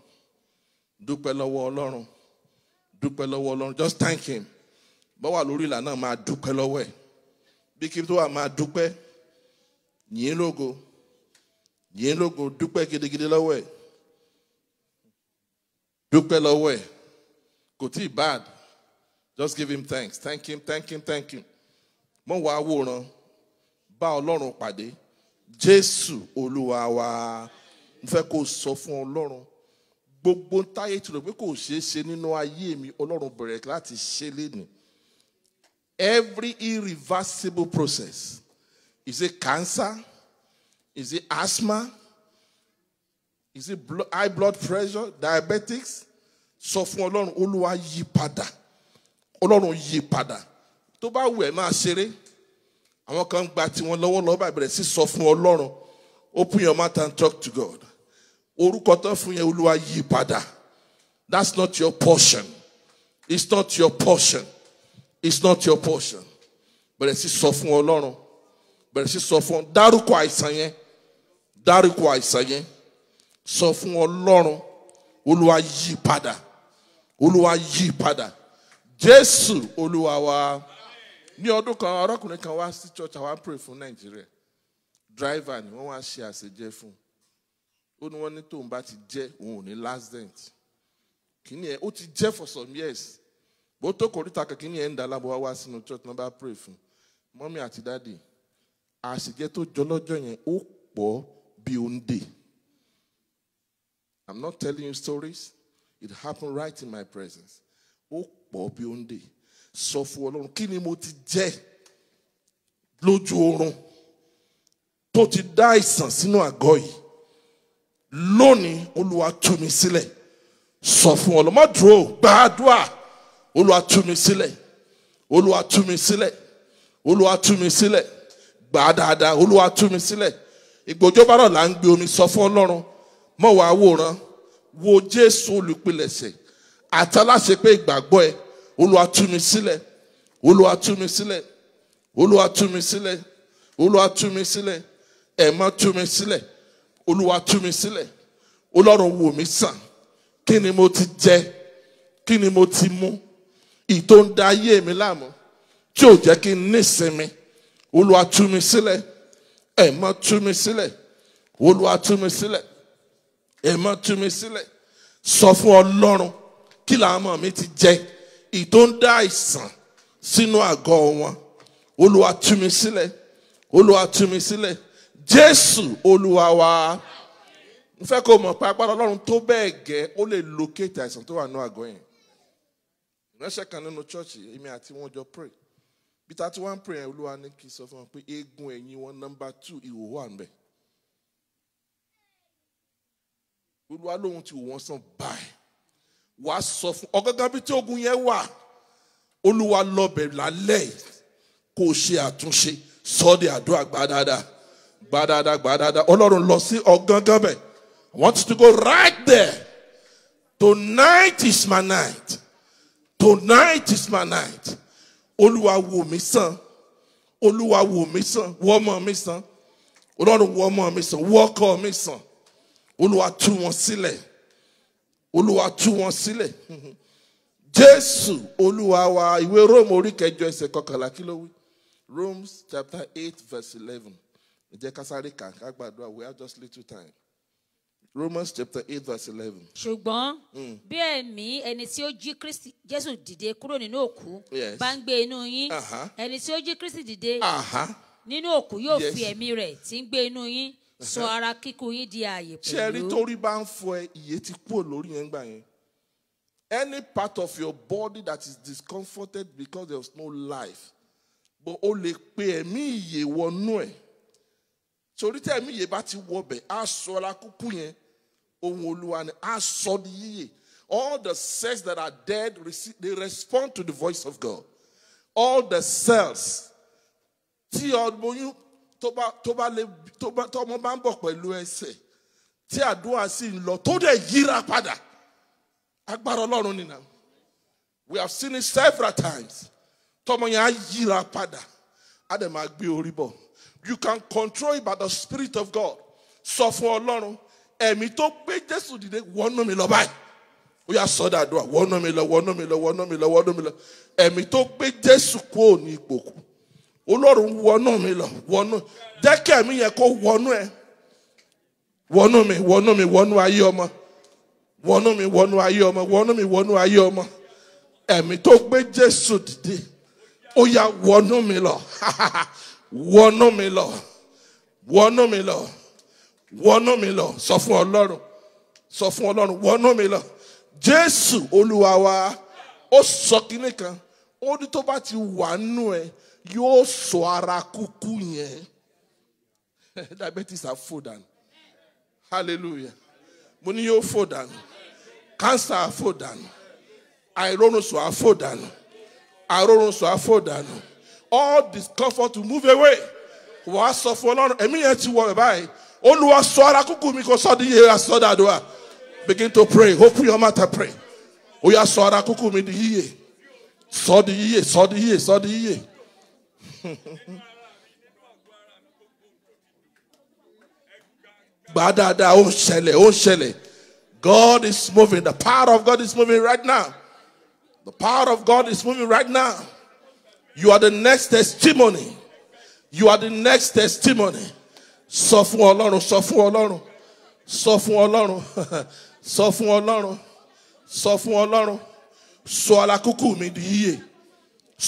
dúpẹ́ lọ́wọ́ ọlọ́run dúpẹ́ lọ́wọ́ ọlọ́run just thank him bá wà lórí ìlànà máa dúpẹ́ lọ́wọ́ ẹ̀ bí kí tó wà máa dúpẹ́ yìnyín lógo yẹn lógo dúpẹ́ gidigidi lọ́wọ́ ẹ̀ dúpẹ́ lọ́wọ́ ẹ̀ kò tí ì bad just give him thanks thank him thank him thank him mọ̀ wá wòran bá ọlọ́run pàdé jésù olúwa wa mo fẹ́ kó o sọ fún ọlọ́run gbogbo táyé tí o rò pé kò ṣeé ṣe nínú ayé mi ọlọ́run bẹ̀rẹ̀ láti ṣe lénìí every irreversible process is a cancer. Is it asthma? Is it high blood pressure? Diabetics? Sọ fún Ọlọ́run Olúwa yí padà. Ọlọ́run yí padà. Tó bá wù ẹ́ máa ṣeré. Àwọn kan gba tiwọn lọ́wọ́lọ́wọ́ bá bẹ̀rẹ̀ sí sọ fún Ọlọ́run. Open your mouth and talk to God. Orúkọ tó fún yẹn Olúwa yí padà. That's not your portion. It's not your portion. It's not your portion. Bẹ̀rẹ̀ sí sọ fún Ọlọ́run. Bẹ̀rẹ̀ sí sọ fún dárúkọ àìsàn yẹn. dáríkù àìsàn yẹn sọ fún ọlọ́run olúwa yí padà olúwa yí padà jésù olúwa wa ní ọdún kan arákùnrin kan wá sí church àwọn pray fún nàìjíríà driver ni wọ́n wá ṣe àṣejẹ fún ó ní wọ́n ní tòun bá ti jẹ́ òun ò ní last dent kìíní ẹ̀ ó ti jẹ́ for some years bó tó kòríta kan kìíní ẹ̀ ń dà lábọ̀ wá wá sínú church náà bá pray fún un mọ́mí àti dáàdì àṣejẹ tó jọlọ́jọ́ yẹn ó pọ̀ Biunde. I'm not telling you stories. It happened right in my presence. Ó pọ̀ Biunde. Sọ fún Ọlọ́run kí ni mo ti jẹ́ lójú oorun tó ti dá àìsàn sínú àgọ́ yìí. Lónìí Olúwa tú mi sílẹ̀. Sọ fún Ọlọ́run má dúró gbàdúrà. Olúwa tú mi sílẹ̀. Olúwa tú mi sílẹ̀. Olúwa tú mi sílẹ̀. Gbà dáadáa ìgbòjò bárọ̀ là ń gbé omi sọ fún ọlọ́run mọ̀ wá wòran wo jésù olùpilẹ̀ṣẹ̀ àtàláṣe pé ìgbàgbọ́ ẹ olúwa tú mi sílẹ̀ olúwa tú mi sílẹ̀ olúwa tú mi sílẹ̀ olúwa tú mi sílẹ̀ ẹ̀mọ́ tú wò mí sàn kí ni mo ti jẹ kí ni mo ti mú ìtò ayé mi láàmú tí ò jẹ́ kí n ní ìsinmi olúwa tú mi ẹ má tú mi sílẹ̀ olúwa tú mi sílẹ̀ ẹ má tú mi sílẹ̀ sọ fún ọlọ́run kí làwọn ọmọ mi ti jẹ ìtò ń dá àìsàn sínú àgọ́ wọn olúwa tú mi sílẹ̀ olúwa tú jésù olúwa wa n fẹ́ kó mọ̀ pé agbára ọlọ́run tó bẹ́ẹ̀ gẹ́ ó lè locate àìsàn tó wà ní àgọ́ yẹn ìránṣẹ́ kan nínú chọ́ọ̀chì èmi àti wọn jọ pray peter tí wọ́n ń pray olúwa ní kí n sọ fún wọn pé eegun ẹ̀yìn wọn nọ́mbà two ìhò wà ń bẹ̀. olúwa lóhun ti wò wọ́n sàn báyìí wàá sọ fún ọ̀gángan bíi tí ogun yẹn wà olúwa lọ́bẹ̀ lálẹ́ kó o ṣe àtúnṣe sọ́ọ́dẹ̀ àdúrà gbádáadáa gbádáadáa gbádáadáa ọlọ́run lọ sí ọ̀gángan bẹ̀ I want you to go right there tonight is my night tonight is my night olúwa wò mí sàn olúwa wò mí sàn wò ọmọ mi sàn ọlọ́run wò ọmọ mi sàn wò ọkọ mi sàn olúwa tú wọn sílẹ̀ olúwa tú wọn sílẹ̀ jésù olúwa wa ìwé rome orí kẹjọ ẹsẹ̀ kọkànlá kí ló wí Romans chapter eight verse eleven ǹjẹ́ kásáré kà ká gbàdúrà we have just little time. Romans chapter eight verse eleven. ṣùgbọ́n hmm. bí ẹ̀mí ẹni tí ó jí Kristi Jésù dìde kúrò nínú òkú bá ń gbé inú yín ẹni tí ó jí Kristi dìde nínú òkú yóò fi ẹ̀mí rẹ̀ tí ń gbé inú yín sọ ara kíkú yín di ààyè pẹ̀lú. ṣé torí bá ń fọ ẹ ìyè kúrò lórí yẹn gbà yẹn any part of your body that is discomforted because there is no life but o lè pe ẹ̀mí ìyè wọnú ẹ̀ torí tẹ̀mí ìyè bá ti wọbẹ̀ á sọ ara kúkú yẹn all the cells that are dead they respond to the voice of God all the cells tí ọgbóyún tó bá tó bá lè tó bá tó bá pẹ̀lú ẹsẹ̀ tí sì tó dẹ̀ yíra padà agbára ọlọ́run we have seen it several times tọmọ yíra padà á dẹ̀ gbé orí you can control it by the spirit of God sọ for ọlọ́run ẹ̀mí tó gbé jésù dìde wọnú mi lọ báyìí ó yà sọ́dọ̀ àdúrà wọnú mi lọ wọnú mi lọ wọnú mi lọ wọnú mi lọ ẹ̀mí tó gbé jésù kúrò ní ipò kù olórun wọnú mi lọ wọnú jẹ́ kí ẹ̀mí yẹn kó wọnú ẹ wọnú mi wọnú mi wọnú ayé ọmọ wọnú mi wọnú ayé ọmọ wọnú mi wọnú ayé ọmọ ẹ̀mí tó gbé jésù dìde ó yà wọnú mi lọ wọnú mi lọ wọnú mi lọ wọnú mi lọ sọ fún ọlọ́run sọ fún ọlọ́run wọnú mi lọ jésù olúwa ó sọ kínní kan ó ní tó bá ti wà nù ẹ yóò sọ ara kúkú yẹn diabetes are fò dànù hallelujah mo ní yóò fò dànù cancer are fò dànù àìrórunsùn are fò dànù àìrórunsùn are fò dànù all discomfort to move away wàá sọ fún ọlọ́run ẹ̀mí yẹn ti wọ ẹ̀ báyìí. Olúwa sọ ara kúkú mi kò Begin to pray. Hope your are and pray. Ó swara sọ ara kúkú mi di yíyè. Sọ di yíyè, sọ di yíyè, sọ di God is moving. The power of God is moving right now. The power of God is moving right now. You are the next testimony. You are the next testimony. sọ fún ọlọ́run sọ fún ọlọ́run sọ fún ọlọ́run sọ fún ọlọ́run sọ fún ọlọ́run sọ alákùkù mi di yíyè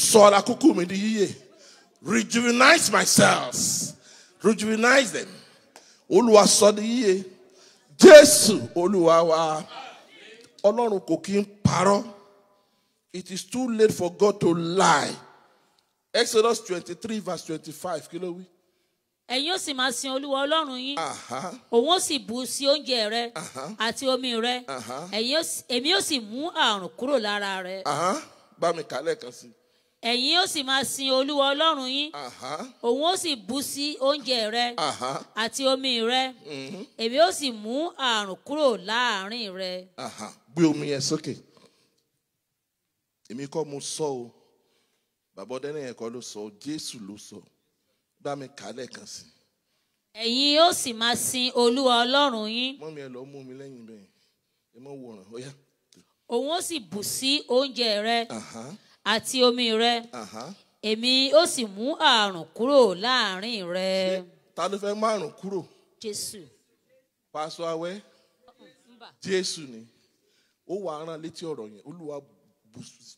sọ alákùkù mi di yíyè rejuvenate myself rejuvenate them olúwa sọ di yíyè jésù olúwa wa ọlọ́run kò kí ń parọ́ it is too late for God to lie exodus twenty-three verse twenty-five kí ló wí ẹ̀yin ó sì máa sin olúwa ọlọ́run yín òun ó sì bù sí oúnjẹ rẹ àti omi rẹ èmi ó sì mú àrùn kúrò lára rẹ. bá mi kà lẹ́ẹ̀kan sí i ẹ̀yin ó sì máa sin olúwa ọlọ́run yín òun ó sì bù sí oúnjẹ rẹ àti omi rẹ mhm. èmi ó sì mú àrùn kúrò láàrin rẹ. gbé omi yẹn sókè èmi kọ́ mo sọ o bàbá ọdẹ náà yẹn kọ́ ló sọ jésù ló sọ. So bá mi kà á lẹ́ẹ̀kan sí. ẹ̀yin ó sì máa sin olúwa ọlọ́run yín. mọ́ mi ẹ lọ mú mi lẹ́yìn bẹ́ẹ̀ ẹ mọ́ wòran ó yá. òun ó sì bù sí oúnjẹ rẹ àti omi rẹ èmi ó sì mú àrùn kúrò láàrin rẹ. ta ló fẹ́ mú àrùn kúrò. jésù. pásọ awẹ́ jésù ni ó wàá rán létí ọ̀rọ̀ yẹn olúwa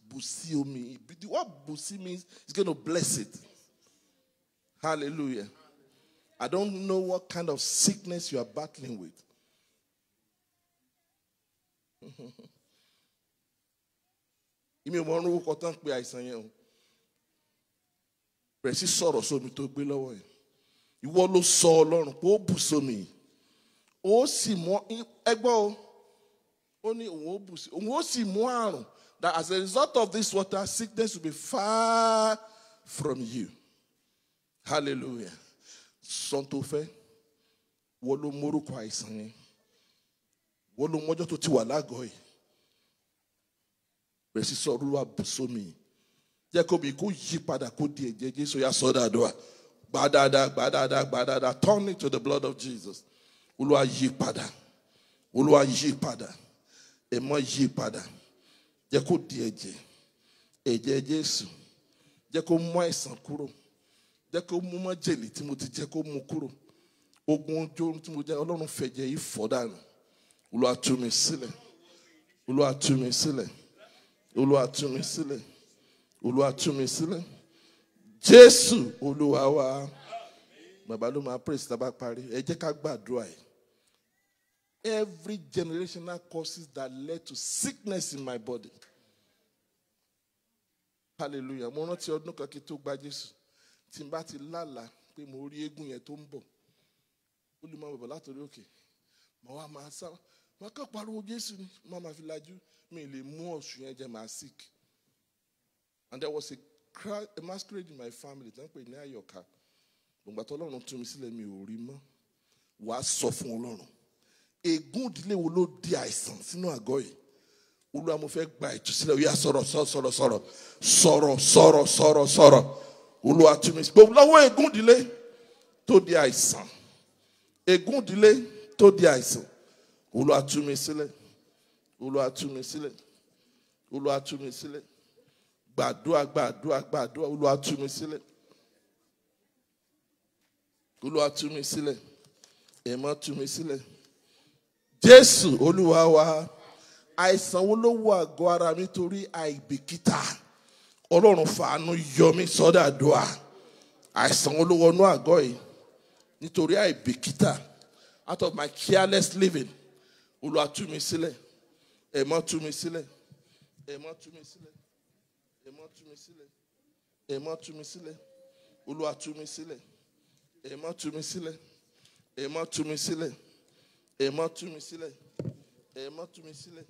bù sí omi the word bù sí means he's gonna bless it. Hallelujah. I don't know what kind of sickness you are battling with. Imi mo ronú kọ tán pé àìsàn yẹn o. Bẹ̀rẹ̀ sí sọ̀rọ̀ sómi tó gbé lọ́wọ́ yẹn. Ìwọ ló sọ Ọlọ́run pé ó bù sómi yìí. Ó sì mọ ẹgbọ́ o. Ó ní òun ó bù sí. Òun ó sì mú àrùn that as a result of this water sickness will be far from you. hallelujah sọ tó fẹ́ wọ́n ló mórúkọ àìsàn yẹn wọ́n ló mọ́jọ́ tó ti wà lágọ̀ọ́ yìí bẹ̀rẹ̀ sí sọ olúwa bùsọ́mi jẹ́ kó mi kó yí padà kó di ẹ̀jẹ̀ jésù yà sọ́dọ̀ àdúrà gbà dáadáa gbà dáadáa gbà dáadáa turn it to the blood of Jesus olúwa yí padà olúwa yí padà ẹ mọ yí padà jẹ́ kó di ẹ̀jẹ̀ ẹ̀jẹ̀ jésù jẹ́ kó mú àìsàn kúrò jẹ́ kó mú mọ́ jèlì tí mo ti jẹ́ kó mú kúrò ogun ojú oorun tí mo jẹ́ ọlọ́run fẹ̀jẹ̀ yìí fọ́ dànù olúwa tú mi sílẹ̀ olúwa tú mi sílẹ̀ jésù olúwa bàbá ló máa praise tábà parí ẹ jẹ́ ká gbàdúrà yìí every generational causes that led to sickness in my body hallelujah mo rántí ọdún kan kí n tó gba jésù tí n bá ti lálàá pé mo rí eégún yẹn tó ń bọ̀ ó lè máa bọ̀ látòrí òkè màá wá máa sá màá kàn pariwo jésù ni màá máa fi lajú mi lè mú ọ̀sùn yẹn jẹ màá sick and there was a, crowd, a masquerade in my family tí wọ́n pè ní àyọ̀ká gbọ̀ngbà tó ọlọ́run tú mi sílẹ̀ mi ò rí mọ́ wàá sọ fún ọlọ́run ègún ìdílé wo ló di àìsàn sínú àgọ́ yìí olúwa mo fẹ́ gba ìtúsílẹ̀ ó yá sọ̀rọ̀ sọ̀rọ̀ sọ̀rọ̀ sọ̀rọ̀ sọ̀rọ̀ sọ̀rọ̀ sọ̀rọ̀ sọ̀rọ̀ olúwa tú mi gbòm lọ́wọ́ ègún ìdílé tó di àìsàn ègún ìdílé tó di àìsàn olúwa tú mi sílẹ̀ olúwa tú mi sílẹ̀ olúwa tú mi sílẹ̀ gbàdúrà gbàdúrà gbàdúrà olúwa tú mi sílẹ̀ olúwa tú mi sílẹ̀ ẹ̀mọ́ tú mi jésù olúwa wa àìsàn wo ló wọ àgọ́ ara mi torí àìbìkítà ọlọ́run fàánú yọ mí sọ́dọ̀ àdúrà àìsàn olówónú àgọ́ yìí nítorí àìbìkítà out of my careless living Olúwa tú mi sílẹ̀ ẹ má tú mi sílẹ̀ ẹ má tú mi sílẹ̀ ẹ má tú mi sílẹ̀ ẹ má tú mi sílẹ̀ Olúwa tú mi sílẹ̀ ẹ má tú mi sílẹ̀ ẹ tú mi sílẹ̀ ẹ tú mi sílẹ̀ ẹ tú mi sílẹ̀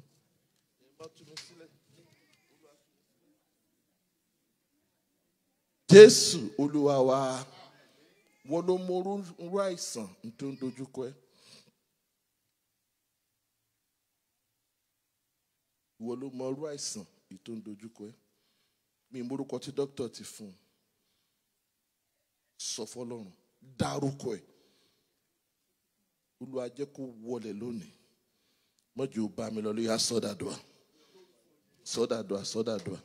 ẹ tú mi sílẹ̀. jésù olúwa wa wọn ló mọ orú àìsàn tó ń dojúkọ ẹ. ìwọ ló mọ irú àìsàn èyí tó ń dojúkọ ẹ mi morúkọ tí dókítà ti fún un sọ fọ́lọ́run dárúkọ ẹ olúwa jẹ́ kó wọlé lónìí mọjú bá mi lọ lóyá sọdàdùà sọdàdùà sọdàdùà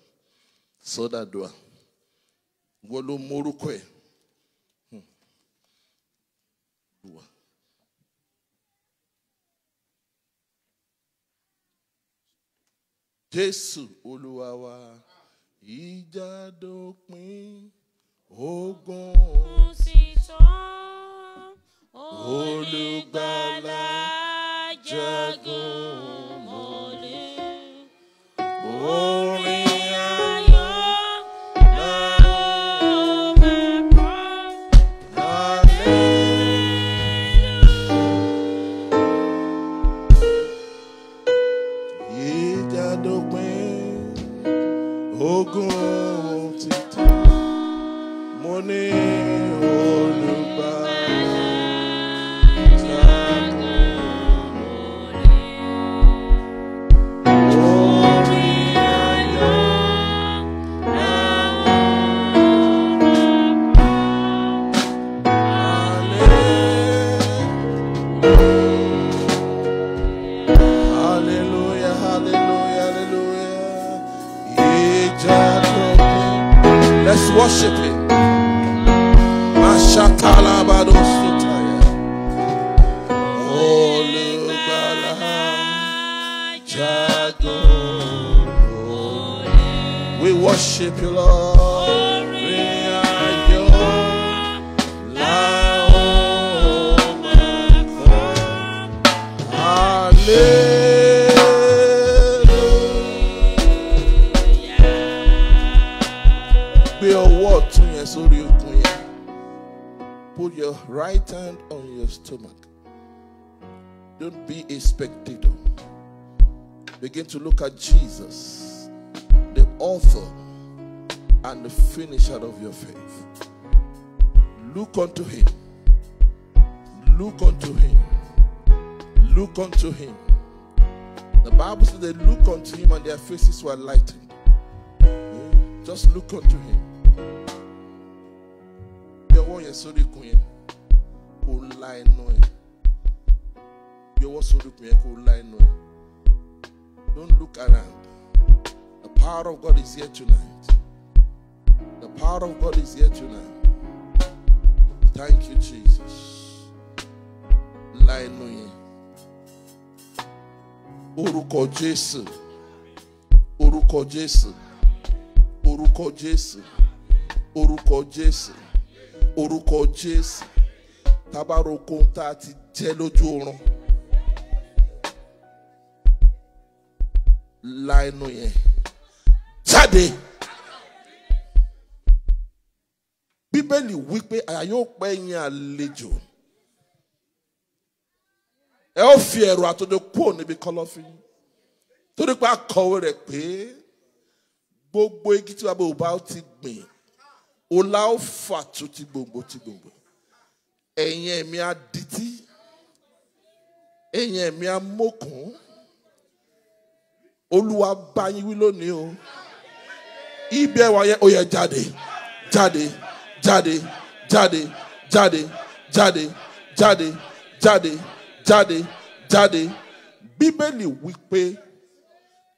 sọdàdùà wọ́n ló mórúkọ ẹ̀ hmm. jésù olúwa wa ìjà dópin ogun ti olùgbàlà jagun. worship you, Lord. Put your right hand on your stomach. Don't be a spectator. Begin to look at Jesus, the author and the finisher of your faith. Look unto him. Look unto him. Look unto him. The Bible says they look unto him and their faces were lightened. Just look unto him. ẹ̀. Don't look around. The power of God is here tonight. The power of God is here tonight. Thank you, Jesus. Hallelujah. Uruko Jésù. Uruko Jésù. Uruko Jésù. Uruko Jésù. Uruko Jésù. Tabaroko tá a ti jelo lójú oorun. La ẹnu bíbélì wípé àyà yóò pẹ́ yín àlejò ẹ ó fi ẹ̀rọ àtòjọ kúrò níbi kọ̀lọ̀fín torí pé akọ̀wé rẹ̀ pé gbogbo igi tí bàbá òbá ti gbìn ọlá ó fà tó ti gbòǹgbò ti gbòǹgbò ẹ̀yin ẹ̀mí adití ẹ̀yin ẹ̀mí amókùn olúwa bá yín wí lónìí o ibi ẹwà yẹn ó yẹ jáde jáde jáde jáde jáde jáde jáde jáde jáde jáde bíbélì wípé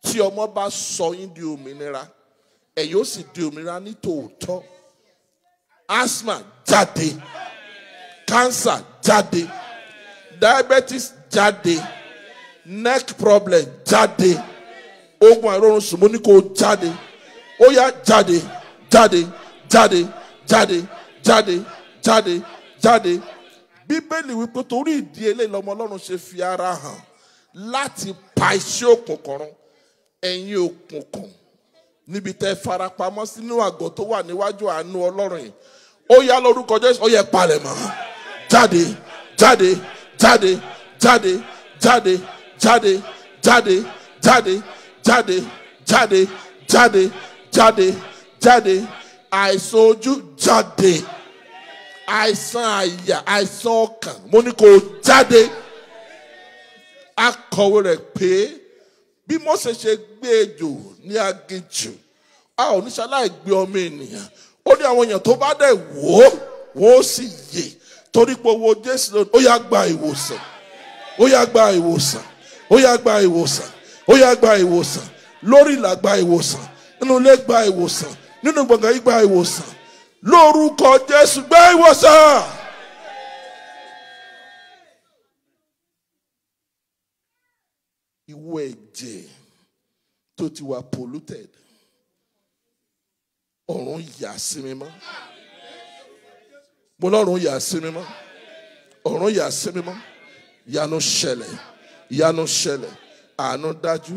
tí ọmọ bá sọ yín di òmìnira ẹ̀ yóò sì di òmìnira ní tòótọ́ asthma jáde cancer jáde diabetes jáde neck problem jáde ogun àìrórun sùnmọ́ ní kò jáde ó yá jáde jáde jáde. jáde jáde jáde jáde jáde bíbélì wípé torí ìdí eléyìí lọmọ ọlọ́run ṣe fi ara hàn láti pa iṣẹ́ òkùnkùn run ẹ̀yin òkùnkùn níbi tẹ́ farapamọ́ sínú àgọ́ tó wà níwájú àánú ọlọ́run yìí ó yá lórúkọ jésù ó yẹ palẹ̀ mọ́ jáde jáde jáde jáde jáde jáde jáde jáde jáde jáde jáde jáde jáde àìsàn ojú jáde àìsàn àyà àìsàn ọkàn mo ní kó jáde akọ̀wé rẹ̀ pé bí Mósè ṣe gbé ejò ní aginjù a ò ní ṣaláì gbé ọmọ ènìyàn ó ní àwọn èèyàn tó bá dẹ̀ wò ó wọ́n ó sì yè torí pé owó Jésù lónìí ó yá gba ìwòsàn ó yá gba ìwòsàn ó yá gba ìwòsàn ó yá gba ìwòsàn lórí ìlà gba ìwòsàn nínú ilé gba ìwòsàn nínú gbọ̀ngàn yìí gba ìwòsàn lórúkọ Jésù gba ìwòsàn. iwo ẹ̀jẹ̀ tó ti wà polluted ọ̀run yà sí mi mọ́ mo lọ́run yà sí mi mọ́ ọ̀run yà sí mi mọ́ ìyanu ṣẹlẹ̀ ìyanu ṣẹlẹ̀ àánú dájú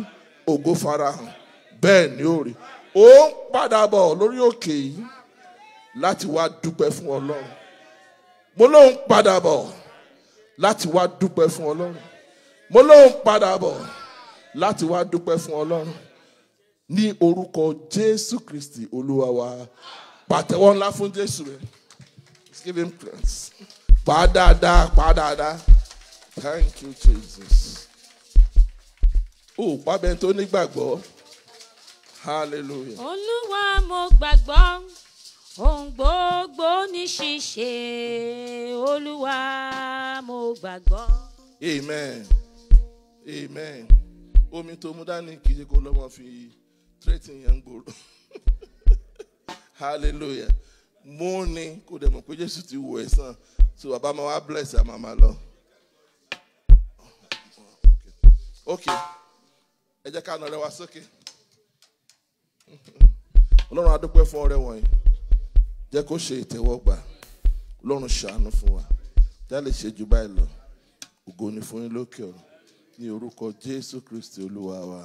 ògo farahàn bẹ́ẹ̀ ni ó rí ó ń padà bọ̀ lórí òkè yìí láti wá dúpẹ́ fún ọlọ́run mo lóun padà bọ̀ láti wá dúpẹ́ fún ọlọ́run mo lóun padà bọ̀ láti wá dúpẹ́ fún ọlọ́run ní orúkọ jésù kristi olúwa wa pàtẹ́wọ́ ńlá fún jésù rẹ̀ give him praise pa dáadáa pa dáadáa thank you jesus ó pa bẹ́ẹ̀ tó nígbàgbọ́ hallelujah. olúwa mo gbàgbọ́ ohun gbogbo ní ṣíṣe olúwa mo gbàgbọ́. amen amen omi tó mú dání kì í ṣe kó lọ́mọ fi tírẹ́tì yẹn gbòòrò hallelujah mo ní kó dẹ̀ mọ̀ pé jésù ti wò ẹ̀ sàn so bàbá máa wá bless àmà máa lọ. ok ẹ jẹ́ ká nà rẹ sókè. Okay ọlọ́run adúpẹ́ fún ọrẹ wọ̀nyí jẹ́ kó ṣe ìtẹ́wọ́gbà ọlọ́run ṣàánú fún wa já lè ṣe jù báyìí lọ ògo ni fún yín lókè ọ̀run ní orúkọ jésù kristi olúwa wa.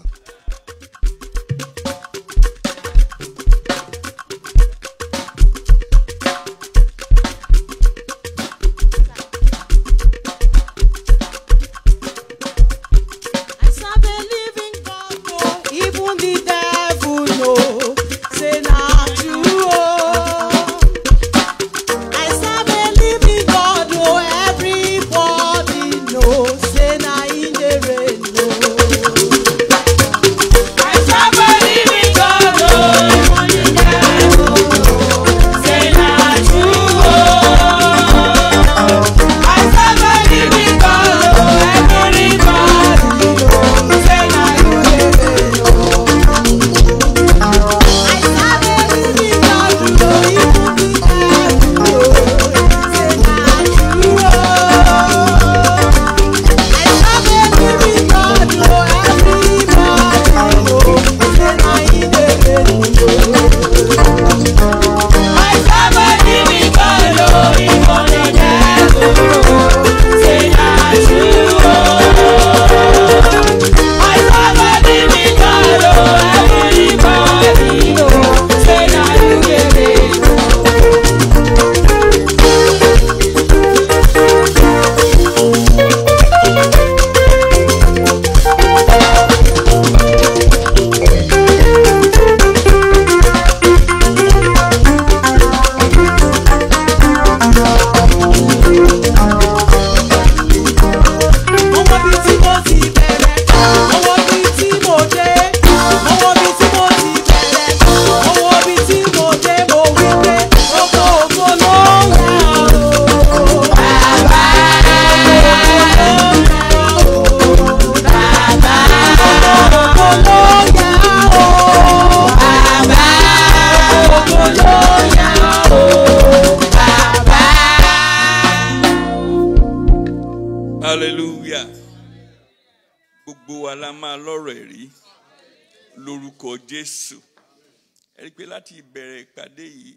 pé láti ìbẹ̀rẹ̀ ìpàdé yìí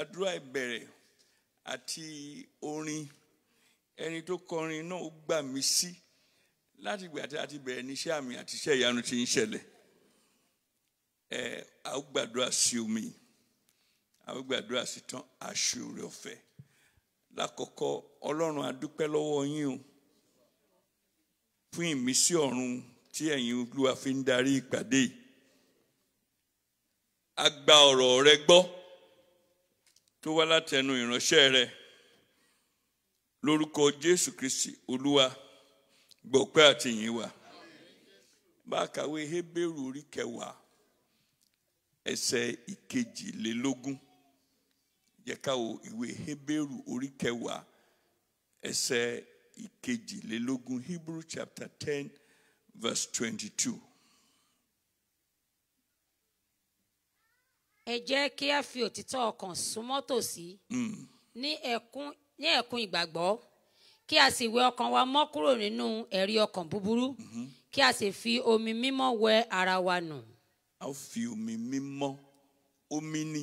àdúrà ìbẹ̀rẹ̀ àti orin ẹni tó kọrin náà ó gbà mí sí láti ìgbà tí a ti bẹ̀rẹ̀ níṣẹ́ àmì àti iṣẹ́ ìyanu ti ń ṣẹlẹ̀ ẹ a ó gbàdúrà sí omi a ó gbàdúrà sí tán àṣírí ọ̀fẹ́ lákọ̀ọ́kọ́ ọlọ́run adúpẹ́ lọ́wọ́ yín o fún ìmísí ọ̀run tí ẹ̀yin olúwa fi ń darí ìpàdé yìí agba gba ọ̀rọ̀ rẹ gbọ́ tó wá látẹnu ìránṣẹ́ rẹ lórúkọ Jésù Kristi Olúwa àti àtìyìn wa bákàwé Hébérù orí kẹwàá ẹsẹ̀ ìkejìlélógún yẹ ká wo ìwé Hébérù orí kẹwàá ẹsẹ̀ ìkejìlélógún Hebrew chapter ten verse twenty-two. ẹ jẹ́ kí a fi òtítọ́ ọkàn súnmọ́ tòsí hmm. ní ẹ̀kún ní ẹ̀kún ìgbàgbọ́ kí a sì wẹ ọkàn wa mọ́ kúrò nínú ẹ̀rí ọkàn búburú hmm. kí a sì fi omi mímọ́ wẹ ara wa nù. a ó fi omi mímọ́ omi ni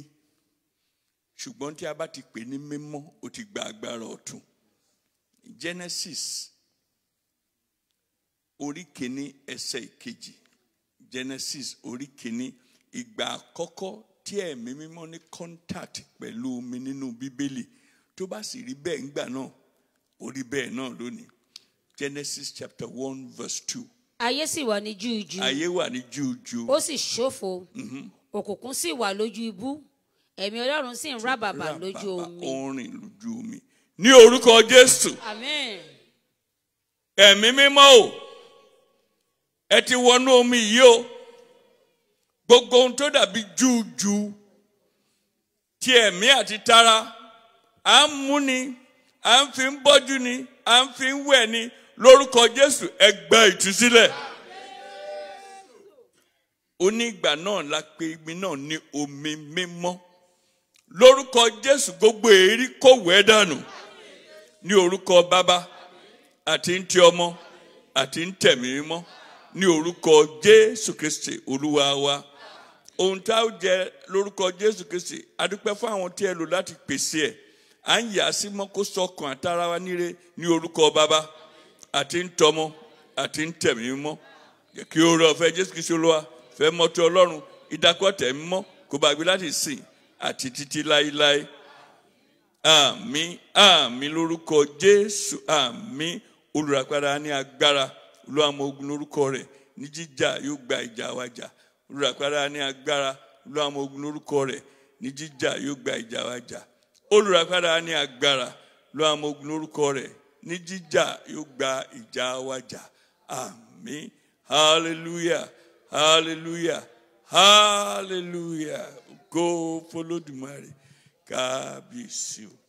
ṣùgbọ́n tí a bá ti pè ní mímọ́ ó ti gba agbára ọ̀tun Genesis orí kìíní ẹsẹ̀ ìkejì Genesis orí kìíní ìgbà àkọ́kọ́ tí ẹ̀mí mímọ́ ní contact pẹ̀lú mi nínú bíbélì tó bá sì rí bẹ́ẹ̀ ńgbà náà ó rí bẹ́ẹ̀ náà lónìí Genesis chapter one verse two. ayé sì wà ní júùjú. ayé wà ní júùjú. ó sì ṣófo mhm. òkùnkùn sì wà lójú ibú ẹ̀mí ọlọ́run sì ń rábàbà lójú omi. ó ń rìn lójú omi ní orúkọ Jésù. ẹ̀mí mímọ́ o ẹ ti wọnú omi yìí o. gbogbo ohun tó dàbí júùjù ti ẹ̀mí àti tara à ń mú ni à ń fi ń bọ́jú ni à ń fi ń wẹ̀ ni lórúkọ Jésù ẹgbẹ́ ìtúsílẹ̀ onígbà náà la pè náà ní omi mímọ́ lórúkọ Jésù gbogbo èérí kò wẹ́ dànù ní orúkọ bàbá àti ọmọ àti ní orúkọ Jésù ohun tá a jẹ lórúkọ jésù kristi adúpẹ́ fún àwọn tí ẹ lò láti pèsè ẹ̀ à ń yà á sí mọ́ kó sọkàn àtara wa níre ní orúkọ bàbá àti ń tọmọ àti ń tẹ̀mí mọ́ kí o rọ ọ̀fẹ́ jésù kristi olúwa fẹ́ mọ́tò ọlọ́run ìdákọ̀tẹ̀ mọ́ kó bá gbé láti sìn àti títí láéláé àmín àmín lórúkọ jésù àmín olùràpadà ní agbára olúwa ọmọ ogun lórúkọ rẹ̀ ní jíjà yóò gba ìjà wa olùràpadà ní agbára olúwa ọmọ ogun lórúkọ rẹ̀ ní jíjà yóò gba ìjà wa jà olùràpadà ní agbára olúwa ọmọ ogun lórúkọ rẹ̀ ní jíjà yóò gba ìjà wa jà àmín hallelujah hallelujah hallelujah ògo fọlọ́dúnmáre kábíyèsí o.